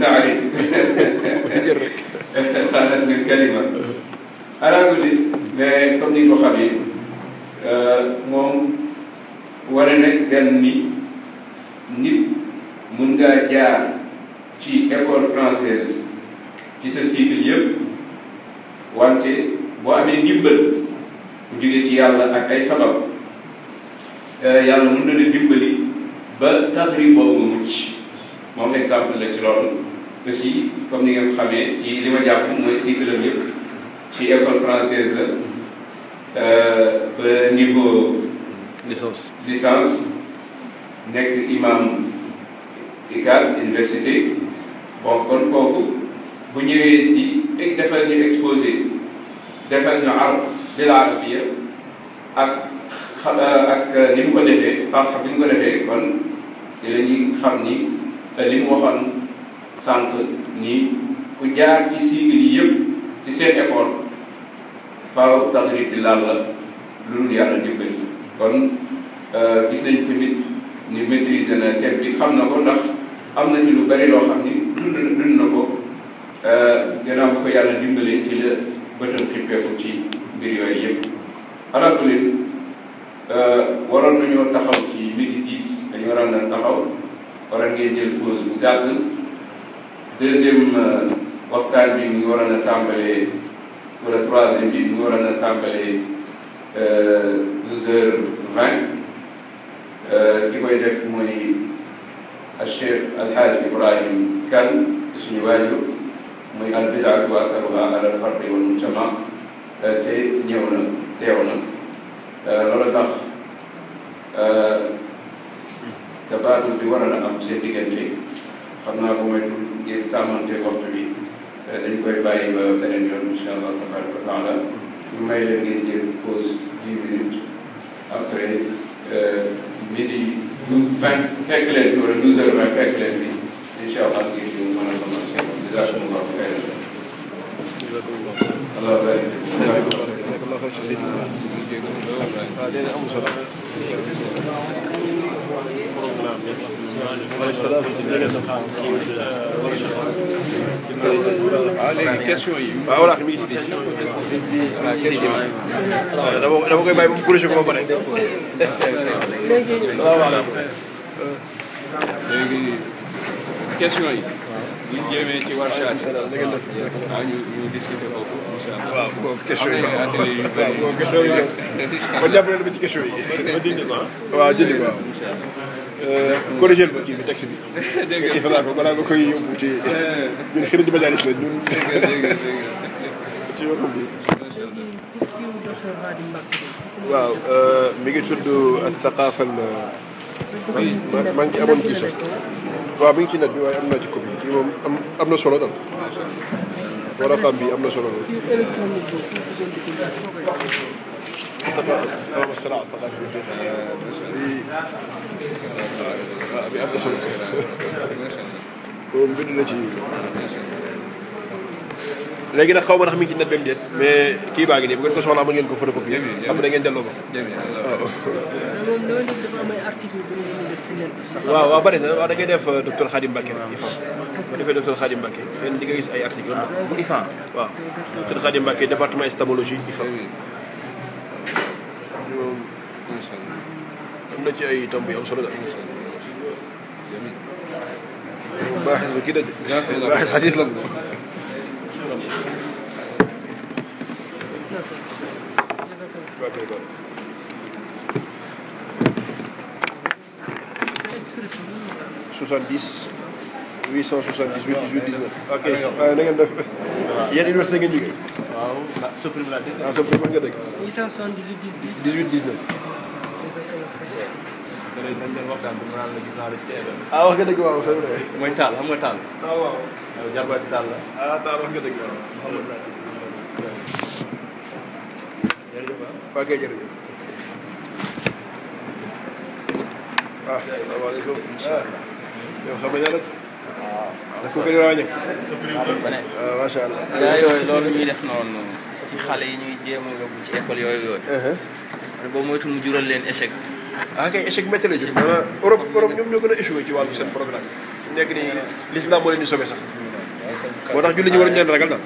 سعري xanaa nga kalima alaa kulli mais comme ni nga ko xamee moom wane nag gan ni nit mun ngaa jaar ci école française ci sa cycle yëpp wante boo amee ndimbal bu jógee ci yàlla ak ay sabab euh, yàlla mun na la dimbali ba taxari boobu nga mucc moom exemple la ci loolu aussi comme ni ngeen xamee ci li ma jàpp mooy cycle am yëpp ci école française la euh, ba niveau licence licence imam ICAL université bon kon kooku bu ñëwee di e-, defal ñu exposé defal ñu arab di la arabia ak xam euh, ak euh, ni mu ko defee tarxa bi ñu ko defee kon di la ñuy xam ni li mu waxoon sànq ñi ku jaar ci cycle yi yëpp ci seen école faaw taxrib bi laal la lu dul yàlla dimbali kon euh, ni maîtriser na thème bi xam na ko ndax am na ci lu bari loo xam ni dund dund na ko euh, gannaaw bu ko yàlla dimbalee ci la bëtam xippeeku ci mbir yooyu yëpp ala kulli euh, waroon taxaw ci midi 10 dañu waroon taxaw waroon ngeen jël pause deuxième waxtaan euh, bi ñu waroon a tàmbalee wala troisième bi ñu waroon a tàmbalee euh, douze heures vingt euh, ki koy def mooy Cheikh Alhaaj Ibrahim Kane suñu waajur muy albidaatu wa asaruha ala alfardi wal mujtama te ñëw na teew na loolu tax tabaatu bi waroon a am seen diggante xam naa ko mooy ngir sàmmante waxtu bi eh, dañ koy bàyyi ba beneen yoon incha allah tabaraka wa taala ñu may leen ngeen jël pause dix minutes après eh, midi douze vingt fekk leen fi wala douze heures vingt fekk leen fi incha allah ngir ñu mën a commencé jazakumullah xayran allah barik fiikum léegi question yi. waaw voilà. waaw dama dama koy bàyyi ba mu corrigé ko ba pare. léegi question yi. bu ñu jëmee ci Warshad. ah ñu ñu discuter foofu incha allah. waaw kooku question yi waaw waaw kooku question yi. kon jàppale na ba ci question yi. waaw jëndi ko waaw. Euh, corrigé ba kii bi texte bi. dëgg la ifalaa ko balaa nga koy yóbbu ci. ñun xëy na di majaalis la ñun. dëgg la ci yoo xam ne. waaw euh, mi ngi tudd Saqaafal. Euh, man maa ngi amoon gis waaw mi ngi ci net bi waaye am naa ci copie kii moom am am na solo daal. wala bi am na solo اللهم صل على الطلاق bi am na solo boobu bind na ci léegi nag xaw ma ndax mi ngi ci net beeg déet mais kii baa ngi nii bu ngeen ko soxlaa mën ngeen ko photocopie après da ngeen delloo ba ah, waaw waaw bëri na waaw da ngay def euh, docteur Khadim Mbacké IFAN ah, boo defee docteur Khadim Mbacké fenn di nga gis ay article bu ah, IFAN waaw docteur Khadim Mbacké département stamologie IFAN juróom am na ci ay tomb yu am solo daal baax ba kii daje baax xadis la soixante-dix 878 18 19. ok waaye ah, euh, na ngeen def yéen université ngeen jógee. waaw ah Soprim laa dégg. ah Soprim nga dégg. 878 18 19. ah wax nga dëgg waaw c'est vrai. mooy taal xam nga taal. ah waaw. jarbaati taal la. ah taal wax nga dëgg waaw. jërëjëf. ok jërëjëf. ah waaw waaw ah. yow xam nga waaw ku ko dina wàññi macha allah gaa yooyu loolu ñuy def noonu ci xale yi ñuy jéem a yóbbu ci école yooyu yooyu man uh-huh. boobu moytu mu jural leen échec ah kay échec métti la jur dama euh, Europe Europe ñoom ñoo gën a échoué ci wàllu seen programme ñu nekk nii l'islam moo leen di sauvé sax moo tax julli ñu waruñu leen ragal daal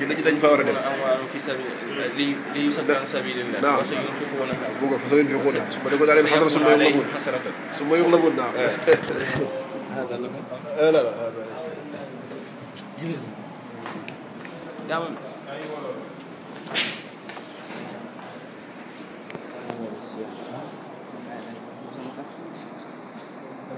julli ñi dañ fa war a dem li li sabran sabilillah waaw bu ko fa sa yéen fi xuuta su ma déggoon daa leen xasara su ma yuxlabuun su ma yuxlabuun naa هذا لك لا لا هذا